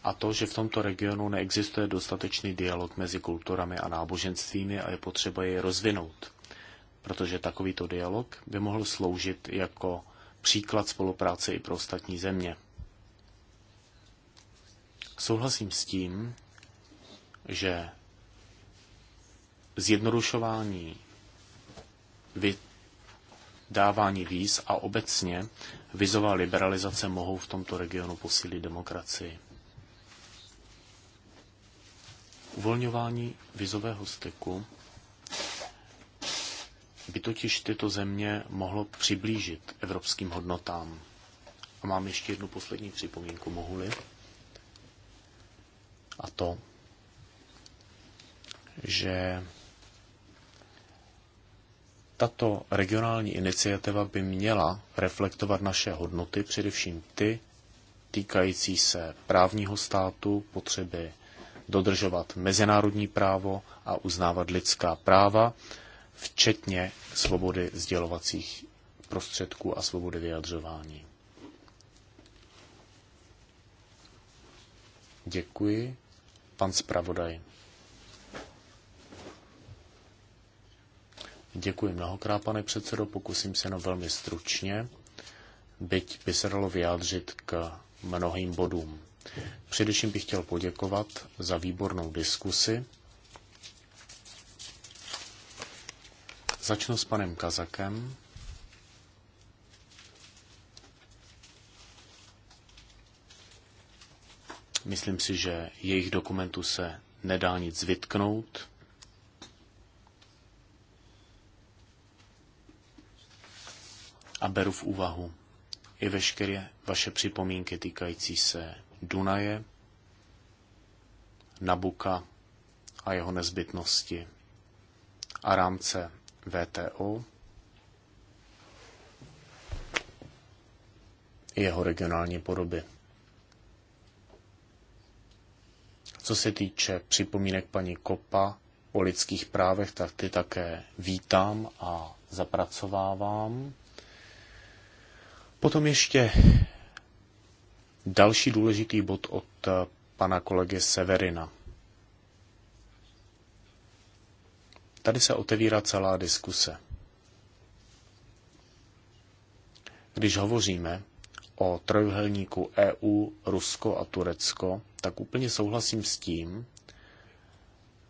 A to, že v tomto regionu neexistuje dostatečný dialog mezi kulturami a náboženstvími a je potřeba jej rozvinout. Protože takovýto dialog by mohl sloužit jako příklad spolupráce i pro ostatní země. Souhlasím s tím, že zjednodušování dávání víz a obecně vizová liberalizace mohou v tomto regionu posílit demokracii. Uvolňování vizového styku by totiž tyto země mohlo přiblížit evropským hodnotám. A mám ještě jednu poslední připomínku, mohu-li? A to, že tato regionální iniciativa by měla reflektovat naše hodnoty, především ty týkající se právního státu, potřeby dodržovat mezinárodní právo a uznávat lidská práva, včetně svobody sdělovacích prostředků a svobody vyjadřování. Děkuji. Pan zpravodaj. Děkuji mnohokrát, pane předsedo. Pokusím se jenom velmi stručně, byť by se dalo vyjádřit k mnohým bodům. Především bych chtěl poděkovat za výbornou diskusi. Začnu s panem Kazakem. Myslím si, že jejich dokumentu se nedá nic vytknout. a beru v úvahu i veškeré vaše připomínky týkající se Dunaje, Nabuka a jeho nezbytnosti a rámce VTO, i jeho regionální podoby. Co se týče připomínek paní Kopa o lidských právech, tak ty také vítám a zapracovávám. Potom ještě další důležitý bod od eh, pana kolegy Severina. Tady se otevírá celá diskuse. Když hovoříme o trojuhelníku EU, Rusko a Turecko, tak úplně souhlasím s tím,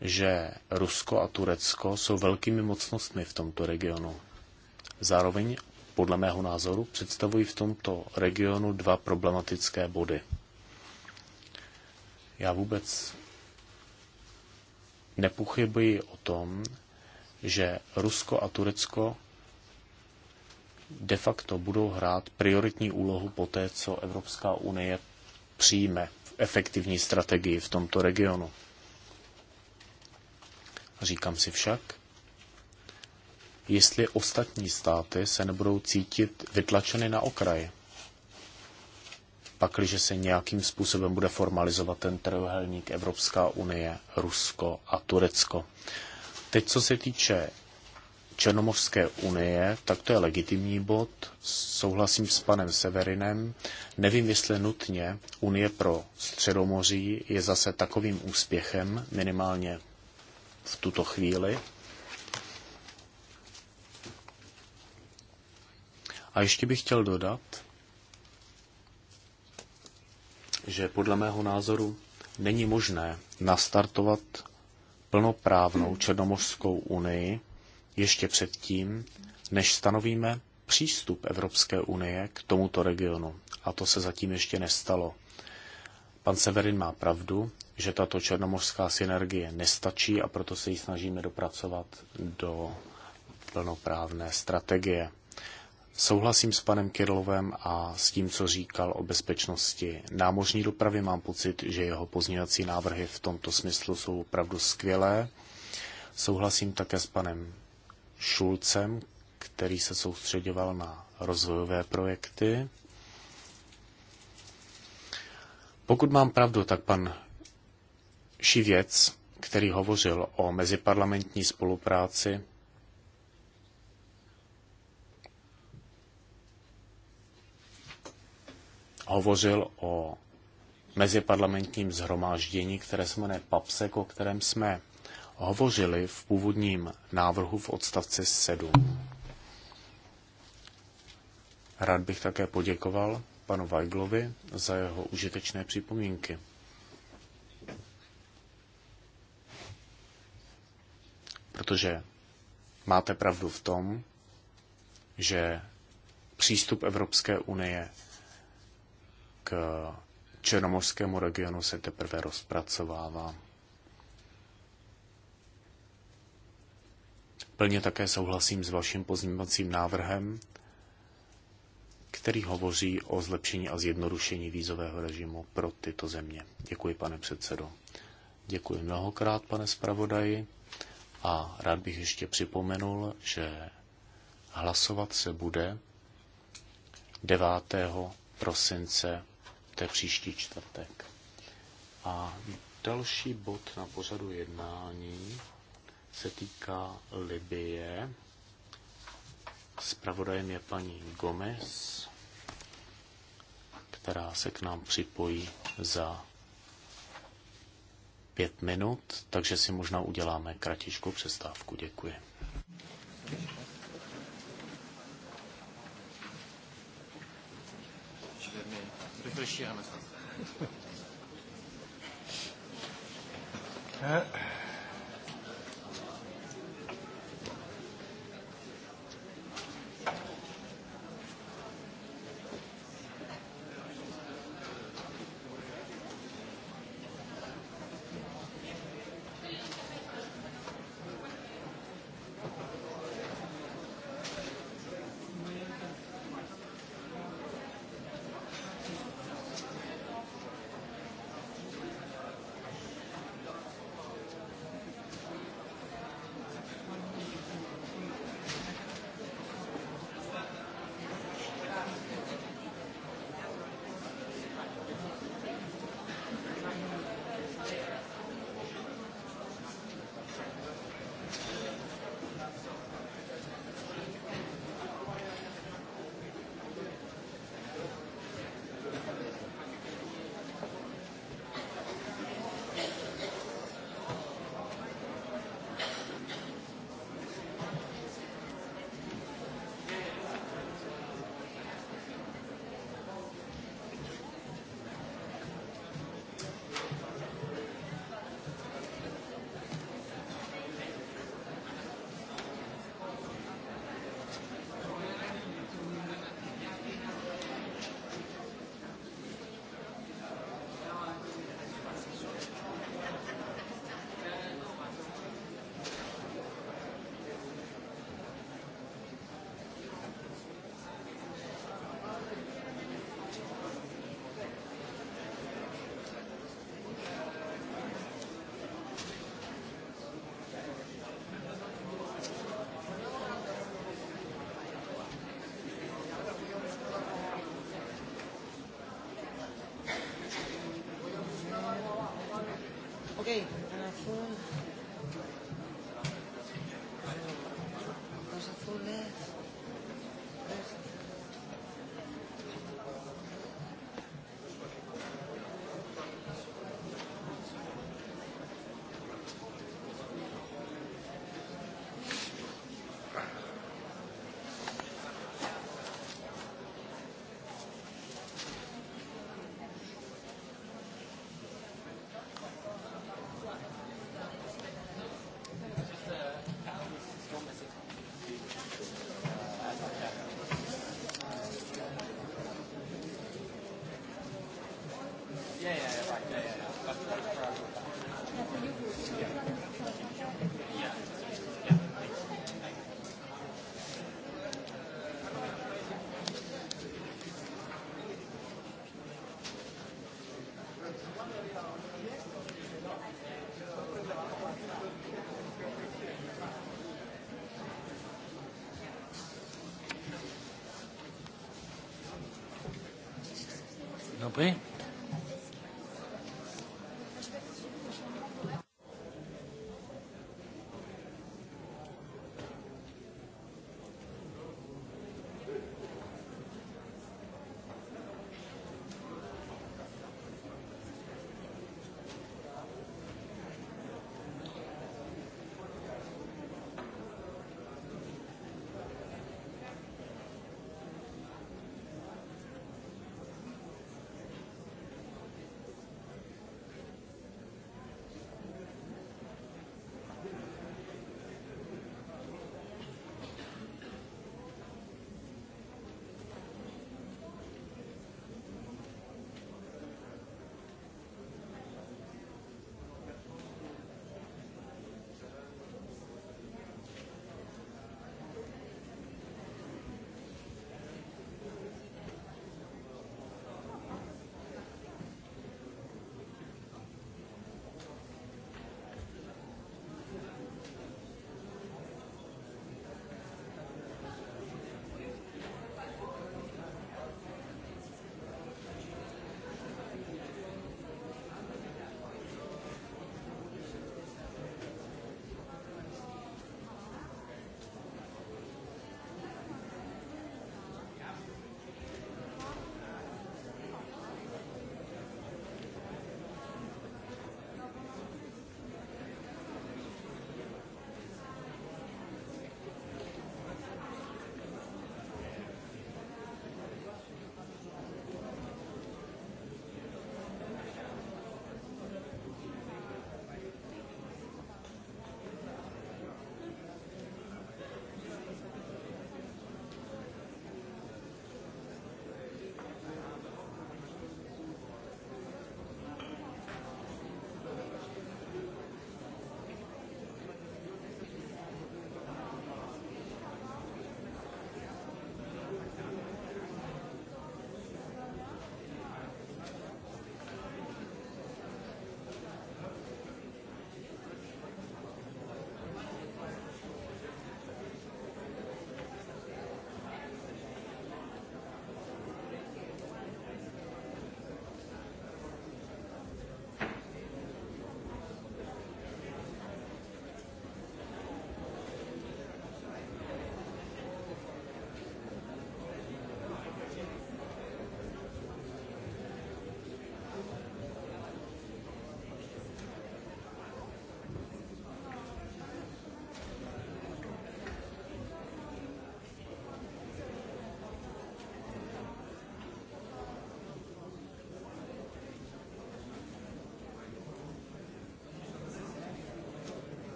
že Rusko a Turecko jsou velkými mocnostmi v tomto regionu. Zároveň podle mého názoru, představují v tomto regionu dva problematické body. Já vůbec nepochybuji o tom, že Rusko a Turecko de facto budou hrát prioritní úlohu po té, co Evropská unie přijme efektivní strategii v tomto regionu. Říkám si však, jestli ostatní státy se nebudou cítit vytlačeny na okraj. Pakliže se nějakým způsobem bude formalizovat ten trojuhelník Evropská unie, Rusko a Turecko. Teď, co se týče Černomorské unie, tak to je legitimní bod. Souhlasím s panem Severinem. Nevím, jestli nutně Unie pro Středomoří je zase takovým úspěchem, minimálně v tuto chvíli. A ještě bych chtěl dodat, že podle mého názoru není možné nastartovat plnoprávnou Černomořskou unii ještě předtím, než stanovíme přístup Evropské unie k tomuto regionu. A to se zatím ještě nestalo. Pan Severin má pravdu, že tato černomořská synergie nestačí a proto se ji snažíme dopracovat do plnoprávné strategie. Souhlasím s panem Kirlovem a s tím, co říkal o bezpečnosti námořní dopravy. Mám pocit, že jeho pozměňovací návrhy v tomto smyslu jsou opravdu skvělé. Souhlasím také s panem Šulcem, který se soustředoval na rozvojové projekty. Pokud mám pravdu, tak pan Šivěc, který hovořil o meziparlamentní spolupráci, hovořil o meziparlamentním zhromáždění, které se jmenuje PAPSEK, o kterém jsme hovořili v původním návrhu v odstavci 7. Rád bych také poděkoval panu Weiglovi za jeho užitečné připomínky. Protože máte pravdu v tom, že přístup Evropské unie černomorskému regionu se teprve rozpracovává. Plně také souhlasím s vaším pozměňovacím návrhem, který hovoří o zlepšení a zjednodušení vízového režimu pro tyto země. Děkuji, pane předsedo. Děkuji mnohokrát, pane zpravodaji. A rád bych ještě připomenul, že hlasovat se bude 9. prosince to je příští čtvrtek. A další bod na pořadu jednání se týká Libie. Spravodajem je paní Gomez, která se k nám připojí za pět minut, takže si možná uděláme kratičkou přestávku. Děkuji. Thank you. Réfléchir à Okay. Dobrý.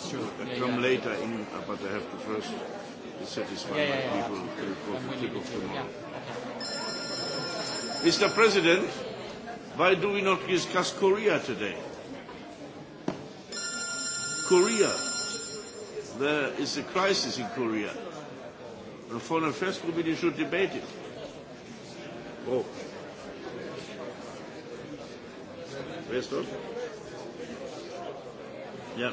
that's true. Yeah, come yeah. later in, uh, but I have to first satisfy yeah, yeah, yeah, people yeah. for the people off tomorrow. Yeah. Okay. Mr. President, why do we not discuss Korea today? Korea. There is a crisis in Korea. The Foreign Affairs Committee should debate it. Oh. Where's that? Yeah.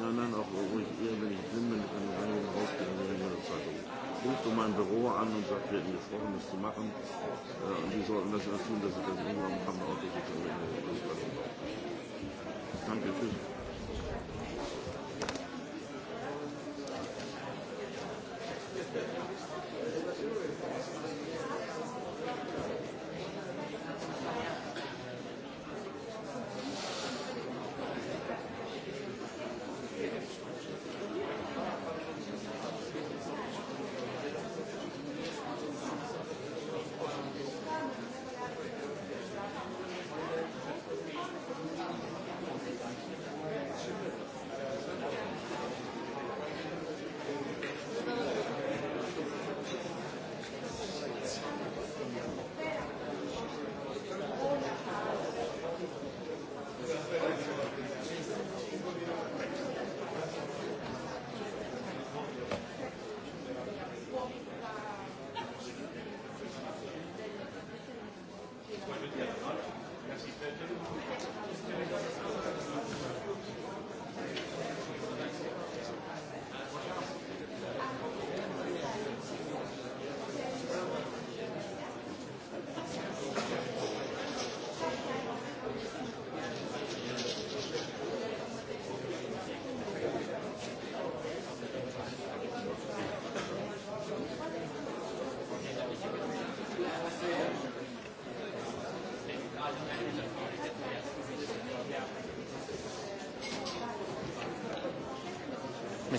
Nein, nein, auch ruhig eher, wenn ich bin, wenn ich an den Eingang rausgehe, dann nehme ich meine Zeitung. Rufst du mein Büro an und sagst, wir hätten gesprochen, das zu machen. Äh, und die sollten das erst tun, dass ich das irgendwann am Auto sozusagen in der Danke, tschüss.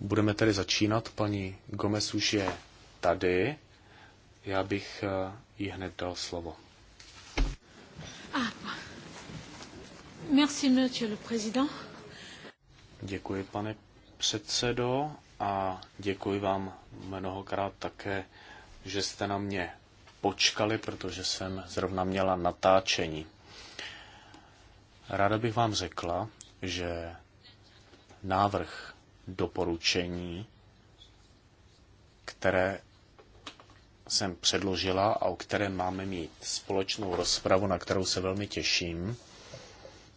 Budeme tedy začínat. Paní Gomez už je tady. Já bych eh, jí hned dal slovo. Ah. Děkuji, pane předsedo, a děkuji vám mnohokrát také, že jste na mě počkali, protože jsem zrovna měla natáčení. Ráda bych vám řekla, že návrh doporučení, které jsem předložila a o kterém máme mít společnou rozpravu, na kterou se velmi těším.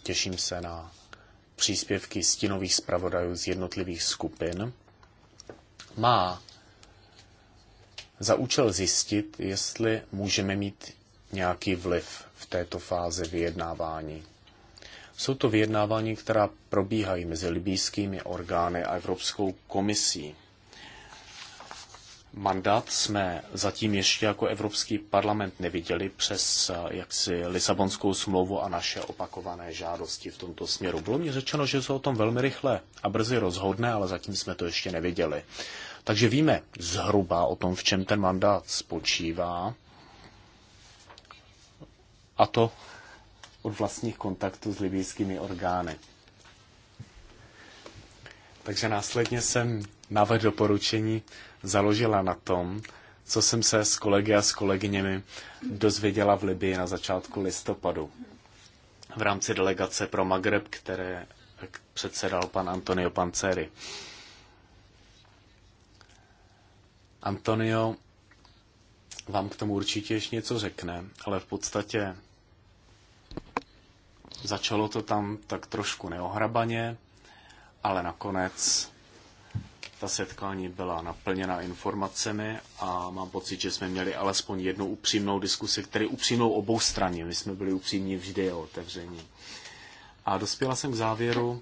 Těším se na příspěvky stinových zpravodajů z jednotlivých skupin. Má za účel zjistit, jestli můžeme mít nějaký vliv v této fázi vyjednávání. Jsou to vyjednávání, která probíhají mezi libýskými orgány a Evropskou komisí. Mandát jsme zatím ještě jako Evropský parlament neviděli přes eh, jaksi Lisabonskou smlouvu a naše opakované žádosti v tomto směru. Bylo mi řečeno, že se o tom velmi rychle a brzy rozhodne, ale zatím jsme to ještě neviděli. Takže víme zhruba o tom, v čem ten mandát spočívá. A to od vlastních kontaktů s libijskými orgány. Takže následně jsem návrh doporučení založila na tom, co jsem se s kolegy a s kolegyněmi dozvěděla v Libii na začátku listopadu v rámci delegace pro Magreb, které předsedal pan Antonio Panceri. Antonio vám k tomu určitě ještě něco řekne, ale v podstatě Začalo to tam tak trošku neohrabaně, ale nakonec ta setkání byla naplněna informacemi a mám pocit, že jsme měli alespoň jednu upřímnou diskusi, který upřímnou obou straně. My jsme byli upřímní vždy o otevření. A dospěla jsem k závěru,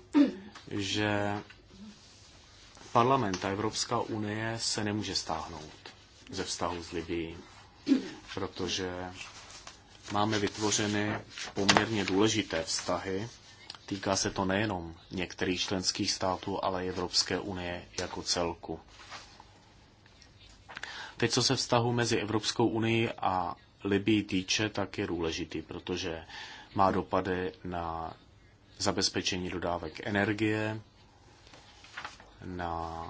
že parlament a Evropská unie se nemůže stáhnout ze vztahu s Libií, protože máme vytvořeny poměrně důležité vztahy. Týká se to nejenom některých členských států, ale i Evropské unie jako celku. Teď, co se vztahu mezi Evropskou unii a Libii týče, tak je důležitý, protože má dopady na zabezpečení dodávek energie, na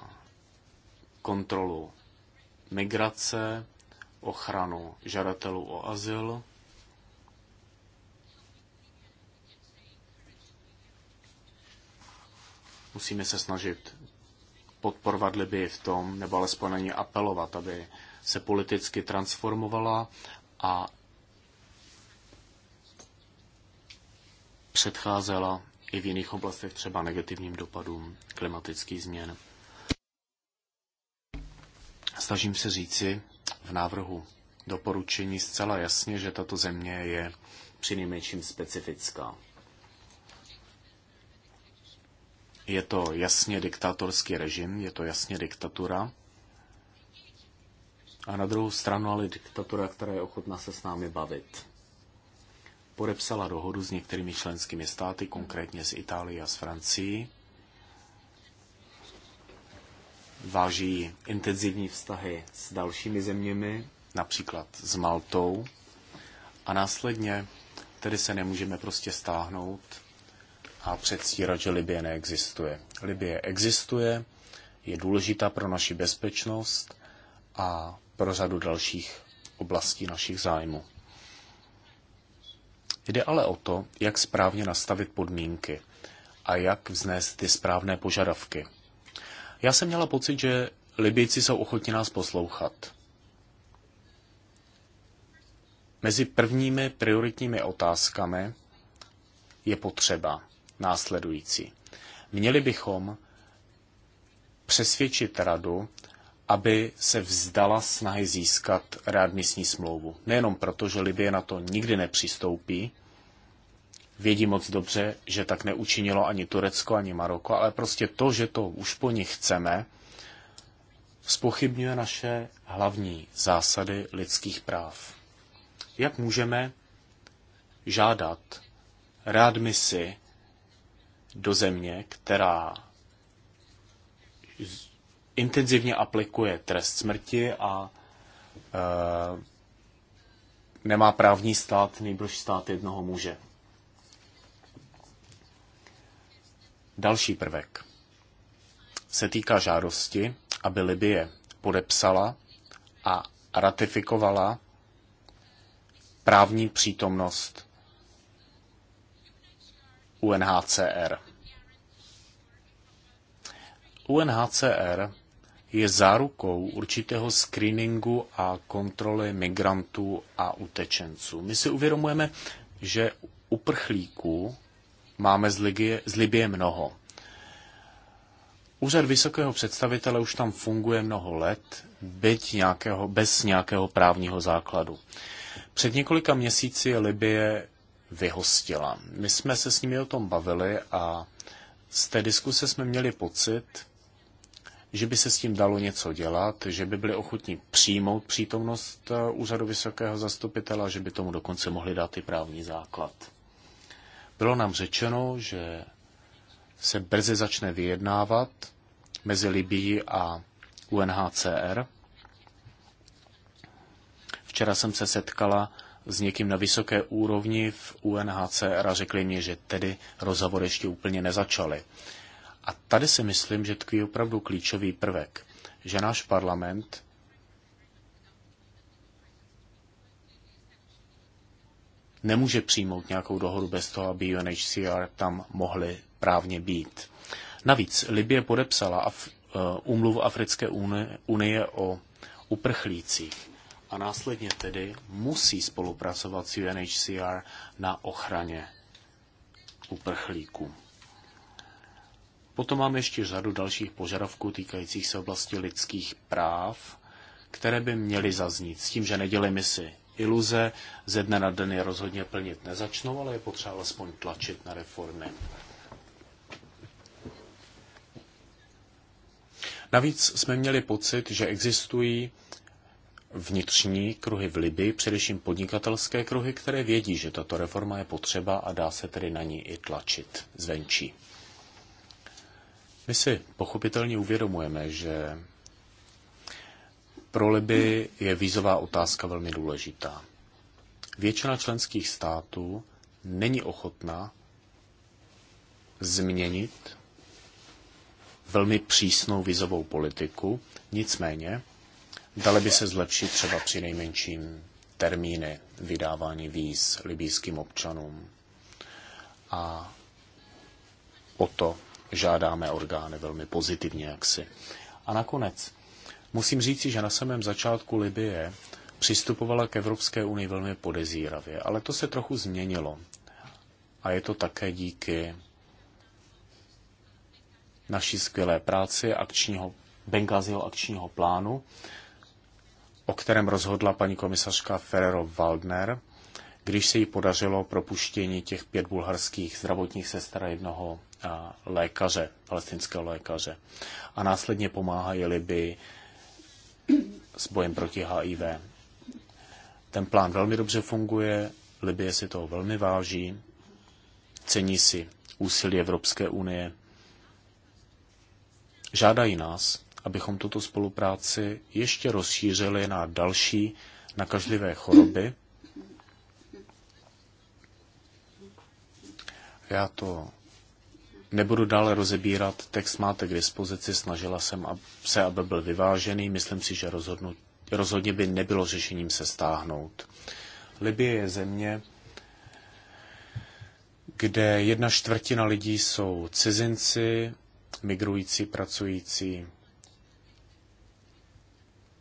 kontrolu migrace, ochranu žadatelů o azyl Musíme se snažit podporovat Libii v tom, nebo alespoň na ní apelovat, aby se politicky transformovala a předcházela i v jiných oblastech třeba negativním dopadům klimatických změn. Snažím se říci v návrhu doporučení zcela jasně, že tato země je přinejmenším specifická. Je to jasně diktátorský režim, je to jasně diktatura. A na druhou stranu ale diktatura, která je ochotná se s námi bavit. Podepsala dohodu s některými členskými státy, konkrétně s Itálií a s Francií. Váží intenzivní vztahy s dalšími zeměmi, například s Maltou. A následně tedy se nemůžeme prostě stáhnout a předstírat, že Libie neexistuje. Libie existuje, je důležitá pro naši bezpečnost a pro řadu dalších oblastí našich zájmů. Jde ale o to, jak správně nastavit podmínky a jak vznést ty správné požadavky. Já jsem měla pocit, že Libijci jsou ochotni nás poslouchat. Mezi prvními prioritními otázkami je potřeba následující. Měli bychom přesvědčit radu, aby se vzdala snahy získat readmisní smlouvu. Nejenom proto, že Libie na to nikdy nepřistoupí, vědí moc dobře, že tak neučinilo ani Turecko, ani Maroko, ale prostě to, že to už po nich chceme, spochybňuje naše hlavní zásady lidských práv. Jak můžeme žádat readmisi do země, která intenzivně aplikuje trest smrti a e, nemá právní stát, nejbrž stát jednoho muže. Další prvek se týká žádosti, aby Libie podepsala a ratifikovala právní přítomnost UNHCR. UNHCR je zárukou určitého screeningu a kontroly migrantů a utečenců. My si uvědomujeme, že uprchlíků máme z, Ligie, z Libie mnoho. Úřad vysokého představitele už tam funguje mnoho let, byť nějakého, bez nějakého právního základu. Před několika měsíci Libie vyhostila. My jsme se s nimi o tom bavili a z té diskuse jsme měli pocit, že by se s tím dalo něco dělat, že by byli ochotní přijmout přítomnost eh, úřadu vysokého zastupitela, že by tomu dokonce mohli dát i právní základ. Bylo nám řečeno, že se brzy začne vyjednávat mezi Libií a UNHCR. Včera jsem se setkala s někým na vysoké úrovni v UNHCR a řekli mi, že tedy rozhovor ještě úplně nezačaly. A tady si myslím, že tkví opravdu klíčový prvek, že náš parlament nemůže přijmout nějakou dohodu bez toho, aby UNHCR tam mohli právně být. Navíc Libie podepsala Af- umluvu eh, Africké unie, unie o uprchlících a následně tedy musí spolupracovat s UNHCR na ochraně uprchlíků. Potom máme ještě řadu dalších požadavků týkajících se oblasti lidských práv, které by měly zaznít, s tím, že nedělíme si iluze, ze dne na den je rozhodně plnit nezačnou, ale je potřeba alespoň tlačit na reformy. Navíc jsme měli pocit, že existují vnitřní kruhy v Libii, především podnikatelské kruhy, které vědí, že tato reforma je potřeba a dá se tedy na ní i tlačit zvenčí. My si pochopitelně uvědomujeme, že pro Liby je vízová otázka velmi důležitá. Většina členských států není ochotná změnit velmi přísnou vizovou politiku, nicméně dali by se zlepšit třeba při nejmenším termíny vydávání víz libýským občanům. A o to žádáme orgány velmi pozitivně jaksi. A nakonec, musím říci, že na samém začátku Libie přistupovala k Evropské unii velmi podezíravě, ale to se trochu změnilo. A je to také díky naší skvělé práci akčního, Bengáziho akčního plánu, o kterém rozhodla paní komisařka Ferrero Waldner – když se jí podařilo propuštění těch pět bulharských zdravotních sester a jednoho lékaře, palestinského lékaře. A následně pomáhají Liby s bojem proti HIV. Ten plán velmi dobře funguje, Libie si toho velmi váží, cení si úsilí Evropské unie. Žádají nás, abychom tuto spolupráci ještě rozšířili na další nakažlivé choroby, Já to nebudu dále rozebírat, text máte k dispozici, snažila jsem se, aby byl vyvážený, myslím si, že rozhodnu, rozhodně by nebylo řešením se stáhnout. Libie je země, kde jedna čtvrtina lidí jsou cizinci, migrující, pracující,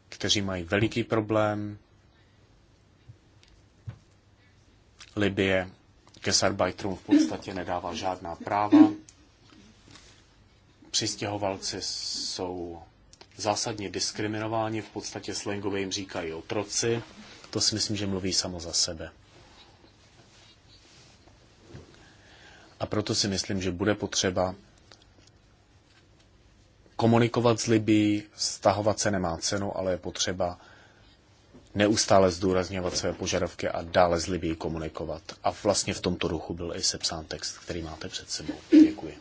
kteří mají veliký problém. Libie Kesarbeiterům v podstatě nedával žádná práva. Přistěhovalci jsou zásadně diskriminováni, v podstatě slangově jim říkají otroci. To si myslím, že mluví samo za sebe. A proto si myslím, že bude potřeba komunikovat s Libí, stahovat se nemá cenu, ale je potřeba neustále zdůrazňovat své požadavky a dále s Libii komunikovat. A vlastně v tomto duchu byl i sepsán text, který máte před sebou. Děkuji.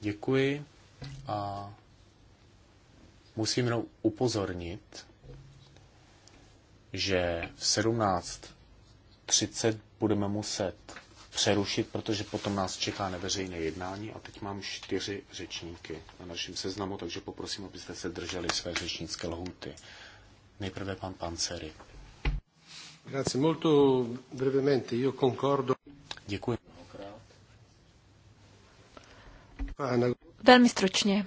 Děkuji a musím jenom upozornit, že v 17.30 budeme muset přerušit, protože potom nás čeká neveřejné jednání a teď mám čtyři řečníky na našem seznamu, takže poprosím, abyste se drželi své řečnické lhuty. Nejprve pan Panceri. Grazie molto brevemente, io concordo. Děkuji. Velmi stručně.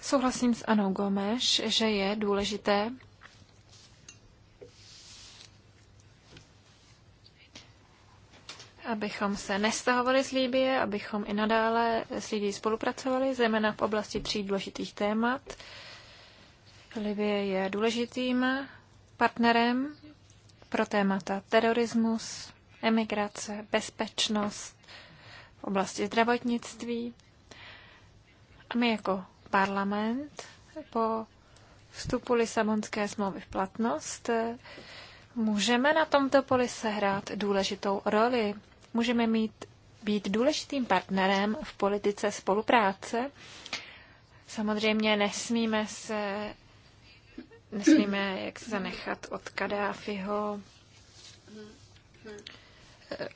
Souhlasím s Anou Gomeš, že je důležité abychom se nestahovali z Líbie, abychom i nadále s Líbí spolupracovali, zejména v oblasti tří důležitých témat, Libie je důležitým partnerem pro témata terorismus, emigrace, bezpečnost v oblasti zdravotnictví. A my jako parlament po vstupu Lisabonské smlouvy v platnost můžeme na tomto poli sehrát důležitou roli. Můžeme mít být důležitým partnerem v politice spolupráce. Samozřejmě nesmíme se Nesmíme jak se zanechat od Kadáfiho eh,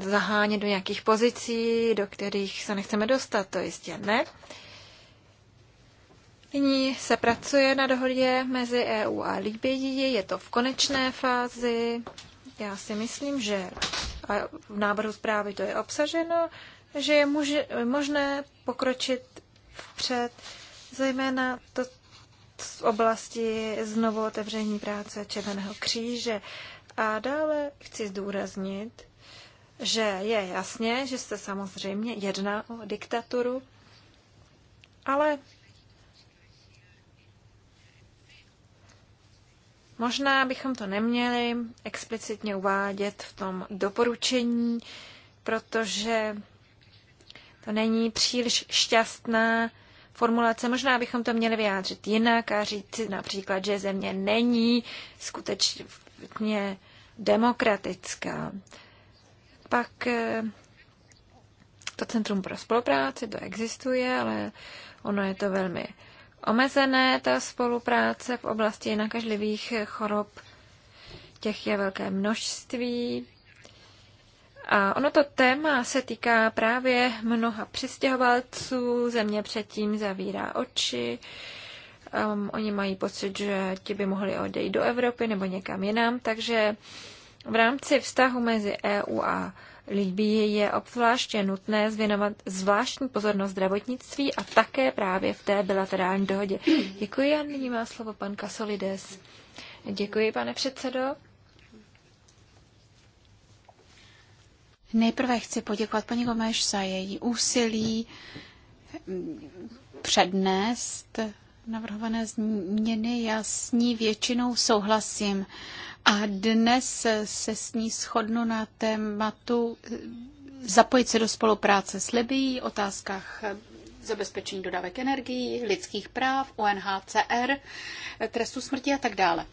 zahánět do nějakých pozicí, do kterých se nechceme dostat, to jistě ne. Nyní se pracuje na dohodě mezi EU a Libyí, je to v konečné fázi. Já si myslím, že v návrhu zprávy to je obsaženo, že je možné pokročit vpřed, zejména to, z oblasti znovu otevření práce Červeného kříže. A dále chci zdůraznit, že je jasně, že se samozřejmě jedná o diktaturu, ale možná bychom to neměli explicitně uvádět v tom doporučení, protože to není příliš šťastná formulace. Možná bychom to měli vyjádřit jinak a říct například, že země není skutečně demokratická. Pak eh, to Centrum pro spolupráci, to existuje, ale ono je to velmi omezené, ta spolupráce v oblasti nakažlivých chorob. Těch je velké množství. A ono to téma se týká právě mnoha přistěhovalců, země předtím zavírá oči, um, oni mají pocit, že ti by mohli odejít do Evropy nebo někam jinam, takže v rámci vztahu mezi EU a Libii je obzvláště nutné zvěnovat zvláštní pozornost zdravotnictví a také právě v té bilaterální dohodě. Děkuji a nyní má slovo pan Kasolides. Děkuji, pane předsedo. Nejprve chci poděkovat paní Gomeš za její úsilí mm, přednést navrhované změny. Já s ní většinou souhlasím. A dnes se s ní shodnu na tématu eh, zapojit se do spolupráce s Libií, otázkách eh, zabezpečení dodávek energií, lidských práv, UNHCR, eh, trestu smrti a tak dále.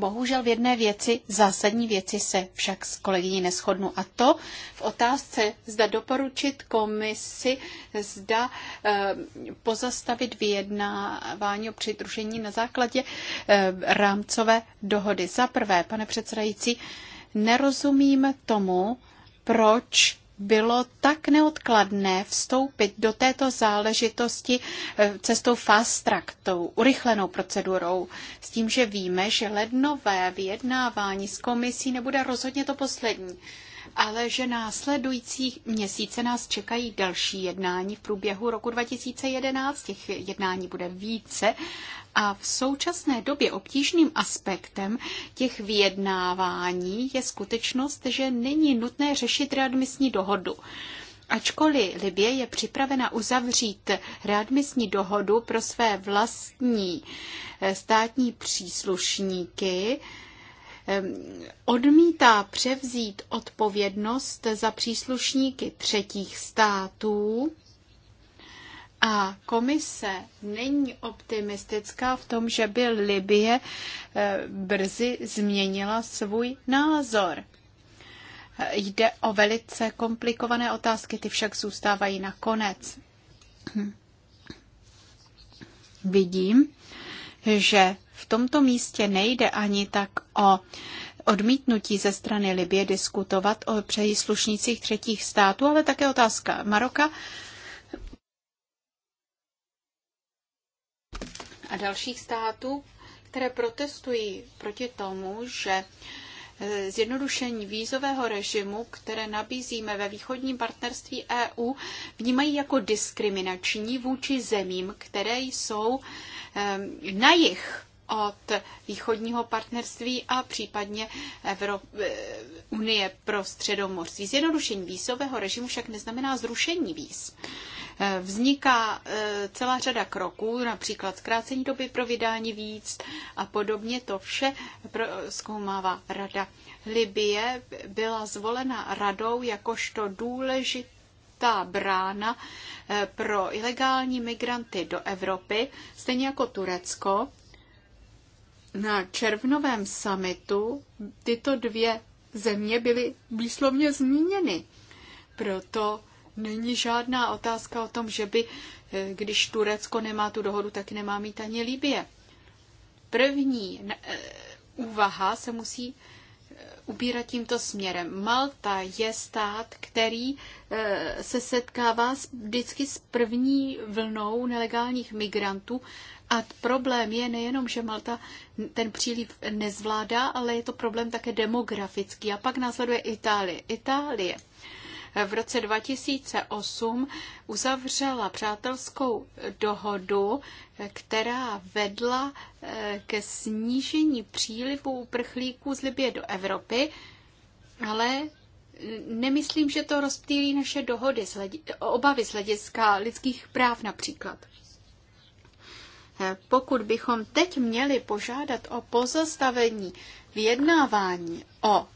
Bohužel v jedné věci, zásadní věci se však s kolegyní neschodnu. A to v otázce, zda doporučit komisi, zda eh, pozastavit vyjednávání o přidružení na základě eh, rámcové dohody. Za prvé, pane předsedající, nerozumím tomu, proč bylo tak neodkladné vstoupit do této záležitosti eh, cestou fast track, tou urychlenou procedurou, s tím, že víme, že lednové vyjednávání s komisí nebude rozhodně to poslední ale že následujících měsíce nás čekají další jednání v průběhu roku 2011. Těch jednání bude více a v současné době obtížným aspektem těch vyjednávání je skutečnost, že není nutné řešit readmisní dohodu. Ačkoliv Libie je připravena uzavřít readmisní dohodu pro své vlastní eh, státní příslušníky, eh, odmítá převzít odpovědnost za příslušníky třetích států, a komise není optimistická v tom, že by Libie eh, brzy změnila svůj názor. Jde o velice komplikované otázky, ty však zůstávají na konec. Vidím, že v tomto místě nejde ani tak o odmítnutí ze strany Libie diskutovat o příslušnících třetích států, ale také otázka Maroka a dalších států, které protestují proti tomu, že e, zjednodušení vízového režimu, které nabízíme ve východním partnerství EU, vnímají jako diskriminační vůči zemím, které jsou e, na jich od východního partnerství a případně Evro- e, Unie pro středomorství. Zjednodušení vízového režimu však neznamená zrušení víz. Eh, vzniká eh, celá řada kroků, například zkrácení doby pro vydání víc a podobně to vše zkoumává rada. Libie byla zvolena radou jakožto důležitá ta brána eh, pro ilegální migranty do Evropy, stejně jako Turecko. Na červnovém summitu tyto dvě země byly výslovně zmíněny. Proto Není žádná otázka o tom, že by, eh, když Turecko nemá tu dohodu, tak nemá mít ani Libie. První eh, úvaha se musí eh, ubírat tímto směrem. Malta je stát, který se setkává vždycky s první vlnou nelegálních migrantů a problém je nejenom, že Malta ten příliv nezvládá, ale je to problém také demografický. A pak následuje Itálie. Itálie v roce 2008 uzavřela přátelskou dohodu, která vedla eh, ke snížení přílivu uprchlíků z Libie do Evropy, ale nemyslím, že to rozptýlí naše dohody, obavy z hlediska lidských práv například. Eh, pokud bychom teď měli požádat o pozastavení vyjednávání o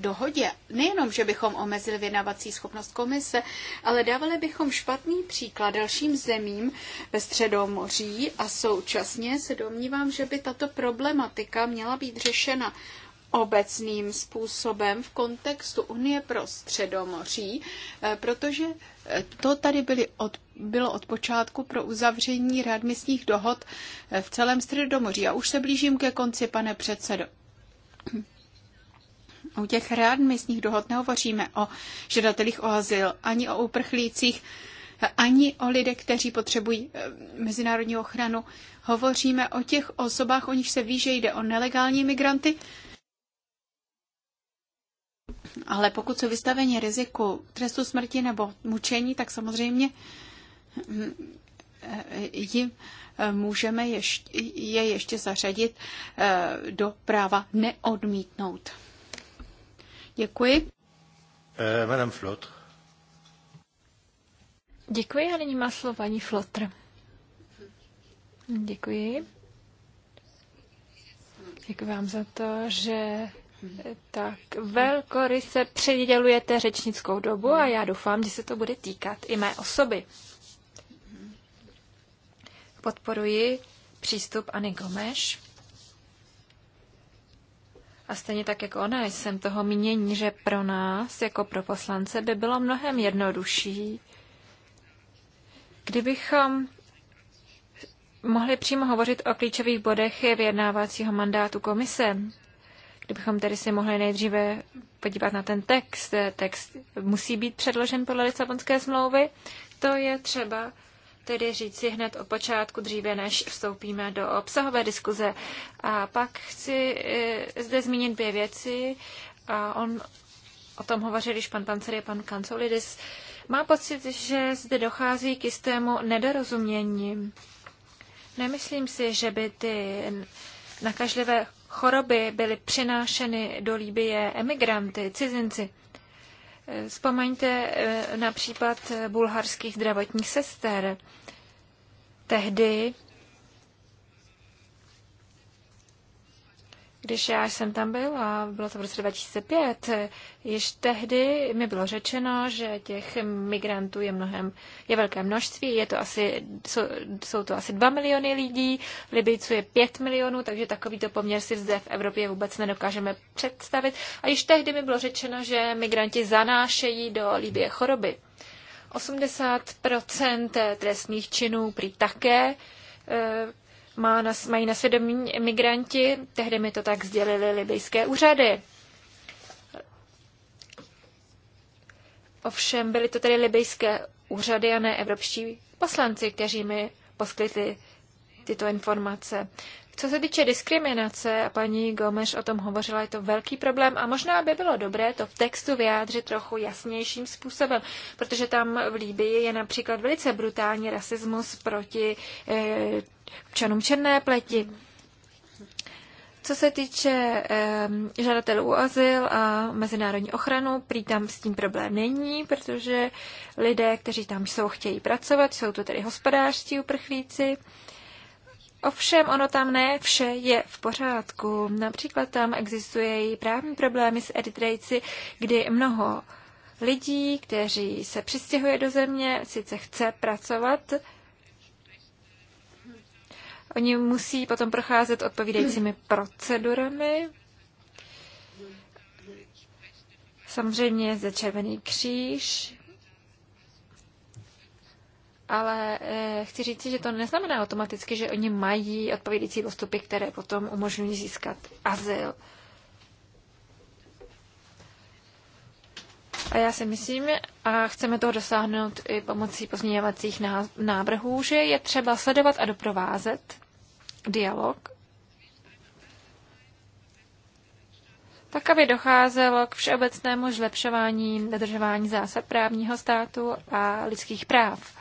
dohodě. Nejenom, že bychom omezili vědnavací schopnost komise, ale dávali bychom špatný příklad dalším zemím ve Středomoří a současně se domnívám, že by tato problematika měla být řešena obecným způsobem v kontextu Unie pro Středomoří, eh, protože eh, to tady byly od, bylo od počátku pro uzavření readmisních dohod eh, v celém Středomoří. A už se blížím ke konci, pane předsedo. U těch readmisních dohod nehovoříme o žadatelích o azyl, ani o uprchlících, ani o lidech, kteří potřebují eh, mezinárodní ochranu. Hovoříme o těch osobách, o nich se ví, že jde o nelegální migranty, ale pokud jsou vystaveni riziku trestu smrti nebo mučení, tak samozřejmě hm, eh, jim eh, můžeme ještě, je ještě zařadit do práva neodmítnout. Děkuji. Eh, Madame Flotr. Děkuji a nyní má slovo paní Flotr. Děkuji. Děkuji vám za to, že tak velkoryse předělujete řečnickou dobu a já doufám, že se to bude týkat i mé osoby. Podporuji přístup Ani Gomeš a stejně tak jako ona jsem toho mínění, že pro nás, jako pro poslance, by bylo mnohem jednodušší, kdybychom mohli přímo hovořit o klíčových bodech vyjednávacího mandátu komise. Kdybychom tedy si mohli nejdříve podívat na ten text. Text musí být předložen podle Lisabonské smlouvy. To je třeba tedy říci hned od počátku, dříve než vstoupíme do obsahové diskuze. A pak chci eh, zde zmínit dvě věci. A on o tom hovořil když pan Pancer a pan Kancolidis. Má pocit, že zde dochází k jistému nedorozumění. Nemyslím si, že by ty nakažlivé choroby byly přinášeny do Líbie emigranty, cizinci. Vzpomeňte eh, na případ eh, bulharských zdravotních sester. Tehdy Když já jsem tam byl, a bylo to v roce 2005, již tehdy mi bylo řečeno, že těch migrantů je mnohem, je velké množství, je to asi, jsou, jsou to asi 2 miliony lidí, Libijců je 5 milionů, takže takovýto poměr si zde v Evropě vůbec nedokážeme představit. A již tehdy mi bylo řečeno, že migranti zanášejí do Libie choroby. 80% trestných činů prý také eh, má na, mají na svědomí migranti, tehdy mi to tak sdělili libyjské úřady. Ovšem byly to tedy libyjské úřady a ne evropští poslanci, kteří mi poskytli tyto informace. Co se týče diskriminace, a paní Gomeš o tom hovořila, je to velký problém a možná by bylo dobré to v textu vyjádřit trochu jasnějším způsobem, protože tam v Líbii je například velice brutální rasismus proti e, občanům černé pleti. Co se týče eh, žadatelů o azyl a mezinárodní ochranu, prý tam s tím problém není, protože lidé, kteří tam jsou, chtějí pracovat, jsou to tedy hospodářští uprchlíci. Ovšem ono tam ne vše je v pořádku. Například tam existují právní problémy s Eritrejci, kdy mnoho lidí, kteří se přistěhuje do země, sice chce pracovat, oni musí potom procházet odpovídajícími procedurami. Samozřejmě je zde Červený kříž, ale eh, chci říct, že to neznamená automaticky, že oni mají odpovědící postupy, které potom umožňují získat azyl. A já si myslím, a chceme toho dosáhnout i pomocí pozměňovacích návrhů, že je třeba sledovat a doprovázet dialog, tak aby docházelo k všeobecnému zlepšování dodržování zásad právního státu a lidských práv.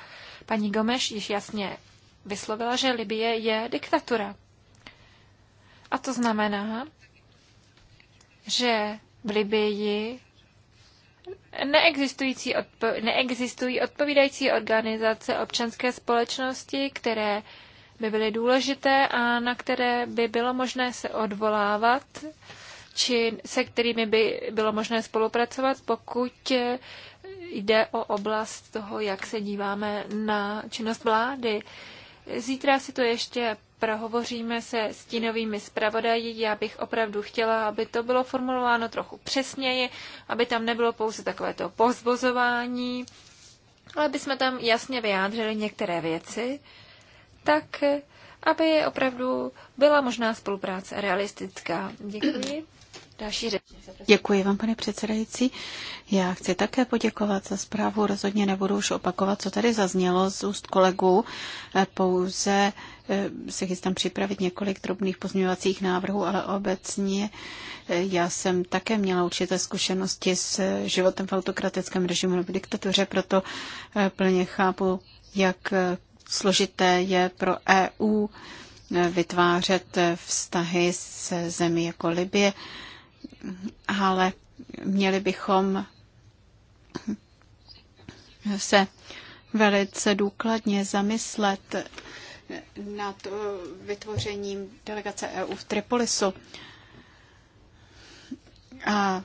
Paní Gomeš již jasně vyslovila, že Libie je diktatura. A to znamená, že v Libii neexistující odpo- neexistují odpovídající organizace občanské společnosti, které by byly důležité a na které by bylo možné se odvolávat, či se kterými by bylo možné spolupracovat, pokud jde o oblast toho, jak se díváme na činnost vlády. Zítra si to ještě prohovoříme se stínovými zpravodají. Já bych opravdu chtěla, aby to bylo formulováno trochu přesněji, aby tam nebylo pouze takové to pozvozování, ale aby jsme tam jasně vyjádřili některé věci, tak aby opravdu byla možná spolupráce realistická. Děkuji. Další Děkuji vám, pane předsedající. Já chci také poděkovat za zprávu. Rozhodně nebudu už opakovat, co tady zaznělo z úst kolegů. Eh, pouze eh, se chystám připravit několik drobných pozměňovacích návrhů, ale obecně eh, já jsem také měla určité zkušenosti s životem v autokratickém režimu nebo diktatuře, proto plně chápu, jak složité je pro EU vytvářet vztahy se zemí jako Libie ale měli bychom se velice důkladně zamyslet nad eh, vytvořením delegace EU v Tripolisu. A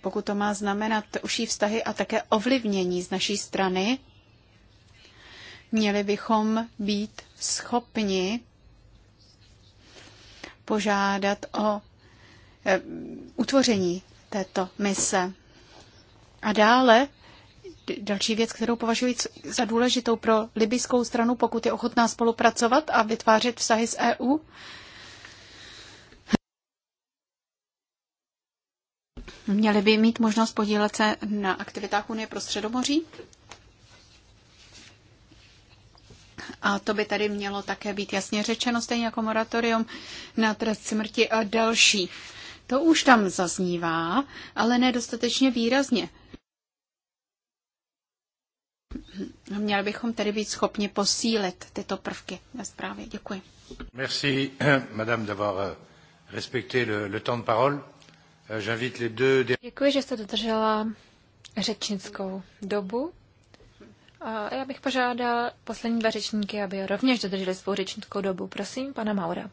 pokud to má znamenat užší vztahy a také ovlivnění z naší strany, měli bychom být schopni požádat o Eh, utvoření této mise. A dále další věc, kterou považuji za důležitou pro libyskou stranu, pokud je ochotná spolupracovat a vytvářet vztahy s EU. Měli by mít možnost podílet se na aktivitách Unie pro Středomoří. A to by tady mělo také být jasně řečeno, stejně jako moratorium na trest smrti a další to už tam zaznívá, ale nedostatečně výrazně. Měli bychom tedy být schopni posílit tyto prvky ve zprávě. Děkuji. Merci, madame, d'avoir euh, respecté le, le temps de parole. Euh, j'invite les deux... Děkuji, že jste dodržela řečnickou dobu. A já bych požádal poslední dva řečníky, aby rovněž dodrželi svou řečnickou dobu. Prosím, pana Maura.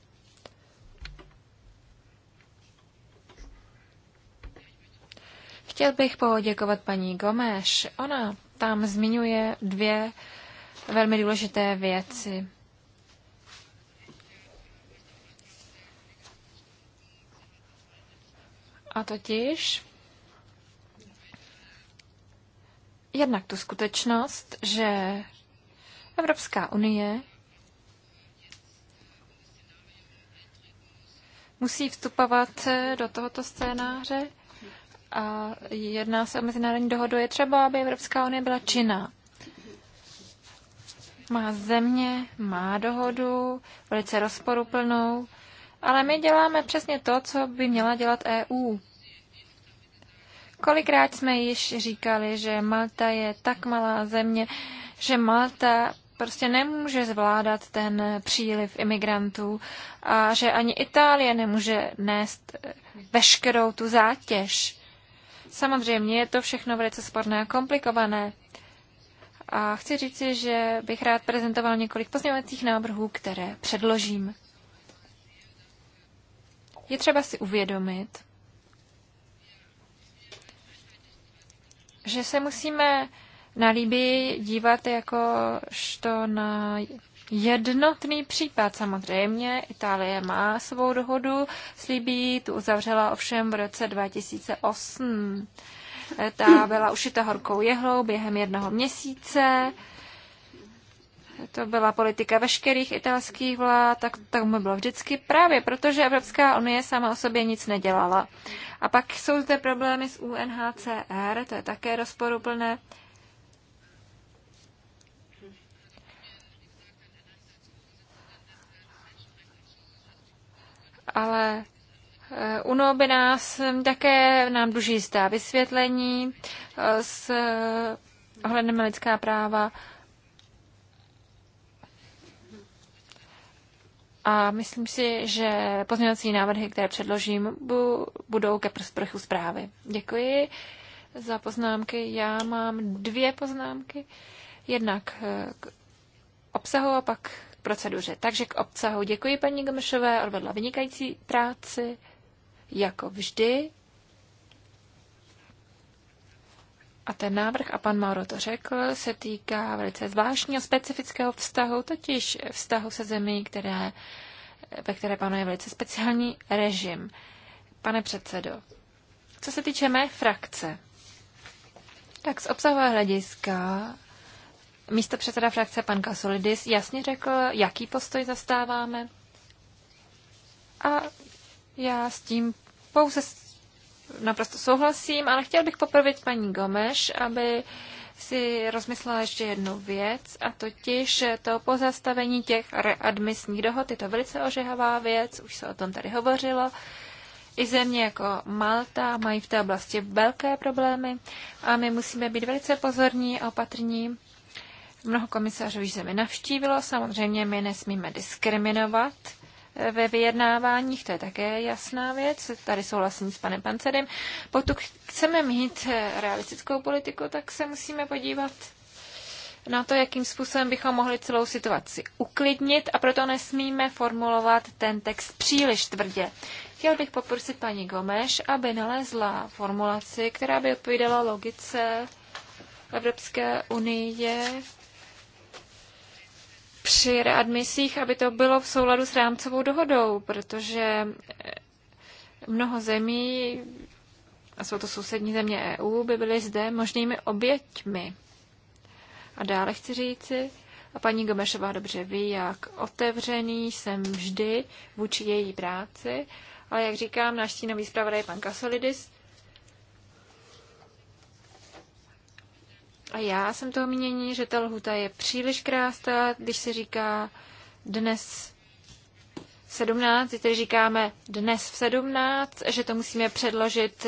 Chtěl bych poděkovat paní Gomeš. Ona tam zmiňuje dvě velmi důležité věci. A totiž jednak tu skutečnost, že Evropská unie musí vstupovat do tohoto scénáře a jedná se o mezinárodní dohodu, je třeba, aby Evropská unie byla činná. Má země, má dohodu, velice rozporuplnou, ale my děláme přesně to, co by měla dělat EU. Kolikrát jsme již říkali, že Malta je tak malá země, že Malta prostě nemůže zvládat ten příliv imigrantů a že ani Itálie nemůže nést veškerou tu zátěž. Samozřejmě je to všechno velice sporné a komplikované. A chci říci, že bych rád prezentoval několik pozměňovacích návrhů, které předložím. Je třeba si uvědomit, že se musíme na Libii dívat jako na jednotný případ. Samozřejmě Itálie má svou dohodu s Libií, tu uzavřela ovšem v roce 2008. Ta byla ušita horkou jehlou během jednoho měsíce. To byla politika veškerých italských vlád, tak tomu bylo vždycky právě, protože Evropská unie sama o sobě nic nedělala. A pak jsou zde problémy s UNHCR, to je také rozporuplné. ale eh, UNO by nás hm, také nám duží zdá vysvětlení eh, s eh, ohledem lidská práva. A myslím si, že pozměňovací návrhy, které předložím, budou ke prospěchu zprávy. Děkuji za poznámky. Já mám dvě poznámky. Jednak k obsahu a pak proceduře. Takže k obsahu děkuji paní Gomešové, odvedla vynikající práci, jako vždy. A ten návrh, a pan Mauro to řekl, se týká velice zvláštního specifického vztahu, totiž vztahu se zemí, které, ve které panuje velice speciální režim. Pane předsedo, co se týče mé frakce, tak z obsahového hlediska místo předseda frakce pan Kasolidis jasně řekl, jaký postoj zastáváme. A já s tím pouze naprosto souhlasím, ale chtěl bych poprvit paní Gomeš, aby si rozmyslela ještě jednu věc, a totiž to pozastavení těch readmisních dohod. Je to velice ožehavá věc, už se o tom tady hovořilo. I země jako Malta mají v té oblasti velké problémy a my musíme být velice pozorní a opatrní Mnoho komisařů již zemi navštívilo, samozřejmě my nesmíme diskriminovat eh, ve vyjednáváních, to je také jasná věc, tady souhlasím s panem Pancerem. Pokud chceme mít eh, realistickou politiku, tak se musíme podívat na to, jakým způsobem bychom mohli celou situaci uklidnit a proto nesmíme formulovat ten text příliš tvrdě. Chtěl bych poprosit paní Gomeš, aby nalezla formulaci, která by odpovídala logice Evropské unie při readmisích, aby to bylo v souladu s rámcovou dohodou, protože e, mnoho zemí, a jsou to sousední země EU, by byly zde možnými oběťmi. A dále chci říci, a paní Gomešová dobře ví, jak otevřený jsem vždy vůči její práci, ale jak říkám, náš stínový zpravodaj pan Kasolidis A já jsem toho mínění, že ta lhuta je příliš krásná, když se říká dnes 17, tedy říkáme dnes v 17, že to musíme předložit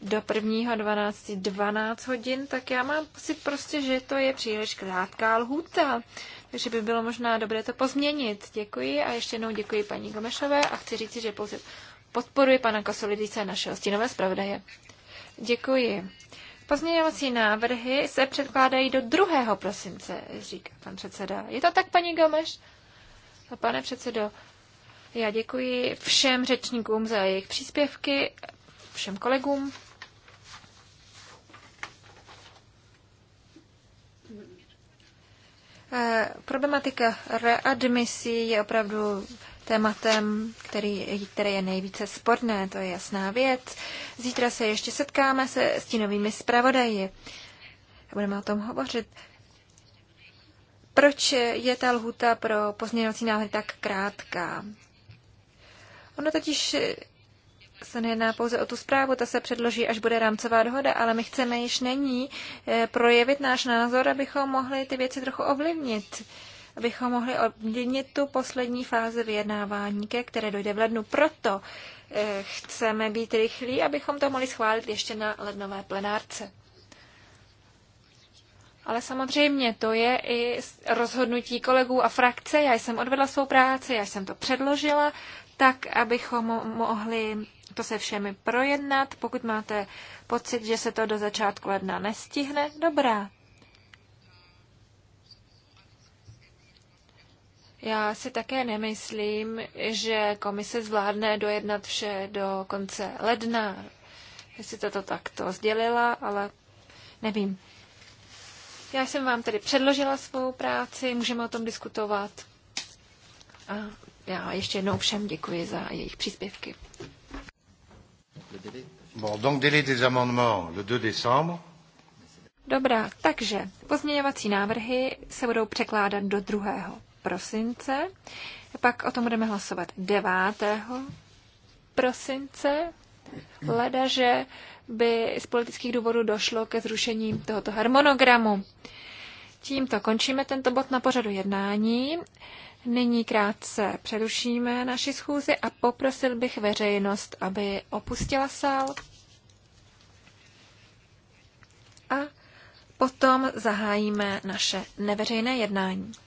do 1. 12. 12 hodin, tak já mám pocit prostě, že to je příliš krátká lhůta. Takže by bylo možná dobré to pozměnit. Děkuji a ještě jednou děkuji paní Gomešové a chci říct, že pouze podporuji pana Kosolidice našeho stínové zpravodaje. Děkuji. Pozměňovací návrhy se předkládají do 2. prosince, říká pan předseda. Je to tak, paní Gomeš? A pane předsedo, já děkuji všem řečníkům za jejich příspěvky, všem kolegům. Eh, problematika readmisí je opravdu tématem, který, které je nejvíce sporné, to je jasná věc. Zítra se ještě setkáme se stínovými zpravodaji. Budeme o tom hovořit. Proč je ta lhuta pro pozměňovací návrhy tak krátká? Ono totiž se nejedná pouze o tu zprávu, ta se předloží, až bude rámcová dohoda, ale my chceme již není eh, projevit náš názor, abychom mohli ty věci trochu ovlivnit abychom mohli obměnit tu poslední fázi vyjednávání, ke které dojde v lednu. Proto eh, chceme být rychlí, abychom to mohli schválit ještě na lednové plenárce. Ale samozřejmě to je i rozhodnutí kolegů a frakce. Já jsem odvedla svou práci, já jsem to předložila, tak abychom mohli to se všemi projednat. Pokud máte pocit, že se to do začátku ledna nestihne, dobrá, Já si také nemyslím, že komise zvládne dojednat vše do konce ledna. Jestli to takto sdělila, ale nevím. Já jsem vám tedy předložila svou práci, můžeme o tom diskutovat. A já ještě jednou všem děkuji za jejich příspěvky. Bon, donc délai des amendements le 2 décembre. Dobrá, takže pozměňovací návrhy se budou překládat do druhého prosince. Pak o tom budeme hlasovat 9. prosince. Leda, že by z politických důvodů došlo ke zrušení tohoto harmonogramu. Tímto končíme tento bod na pořadu jednání. Nyní krátce přerušíme naši schůzi a poprosil bych veřejnost, aby opustila sál. A potom zahájíme naše neveřejné jednání.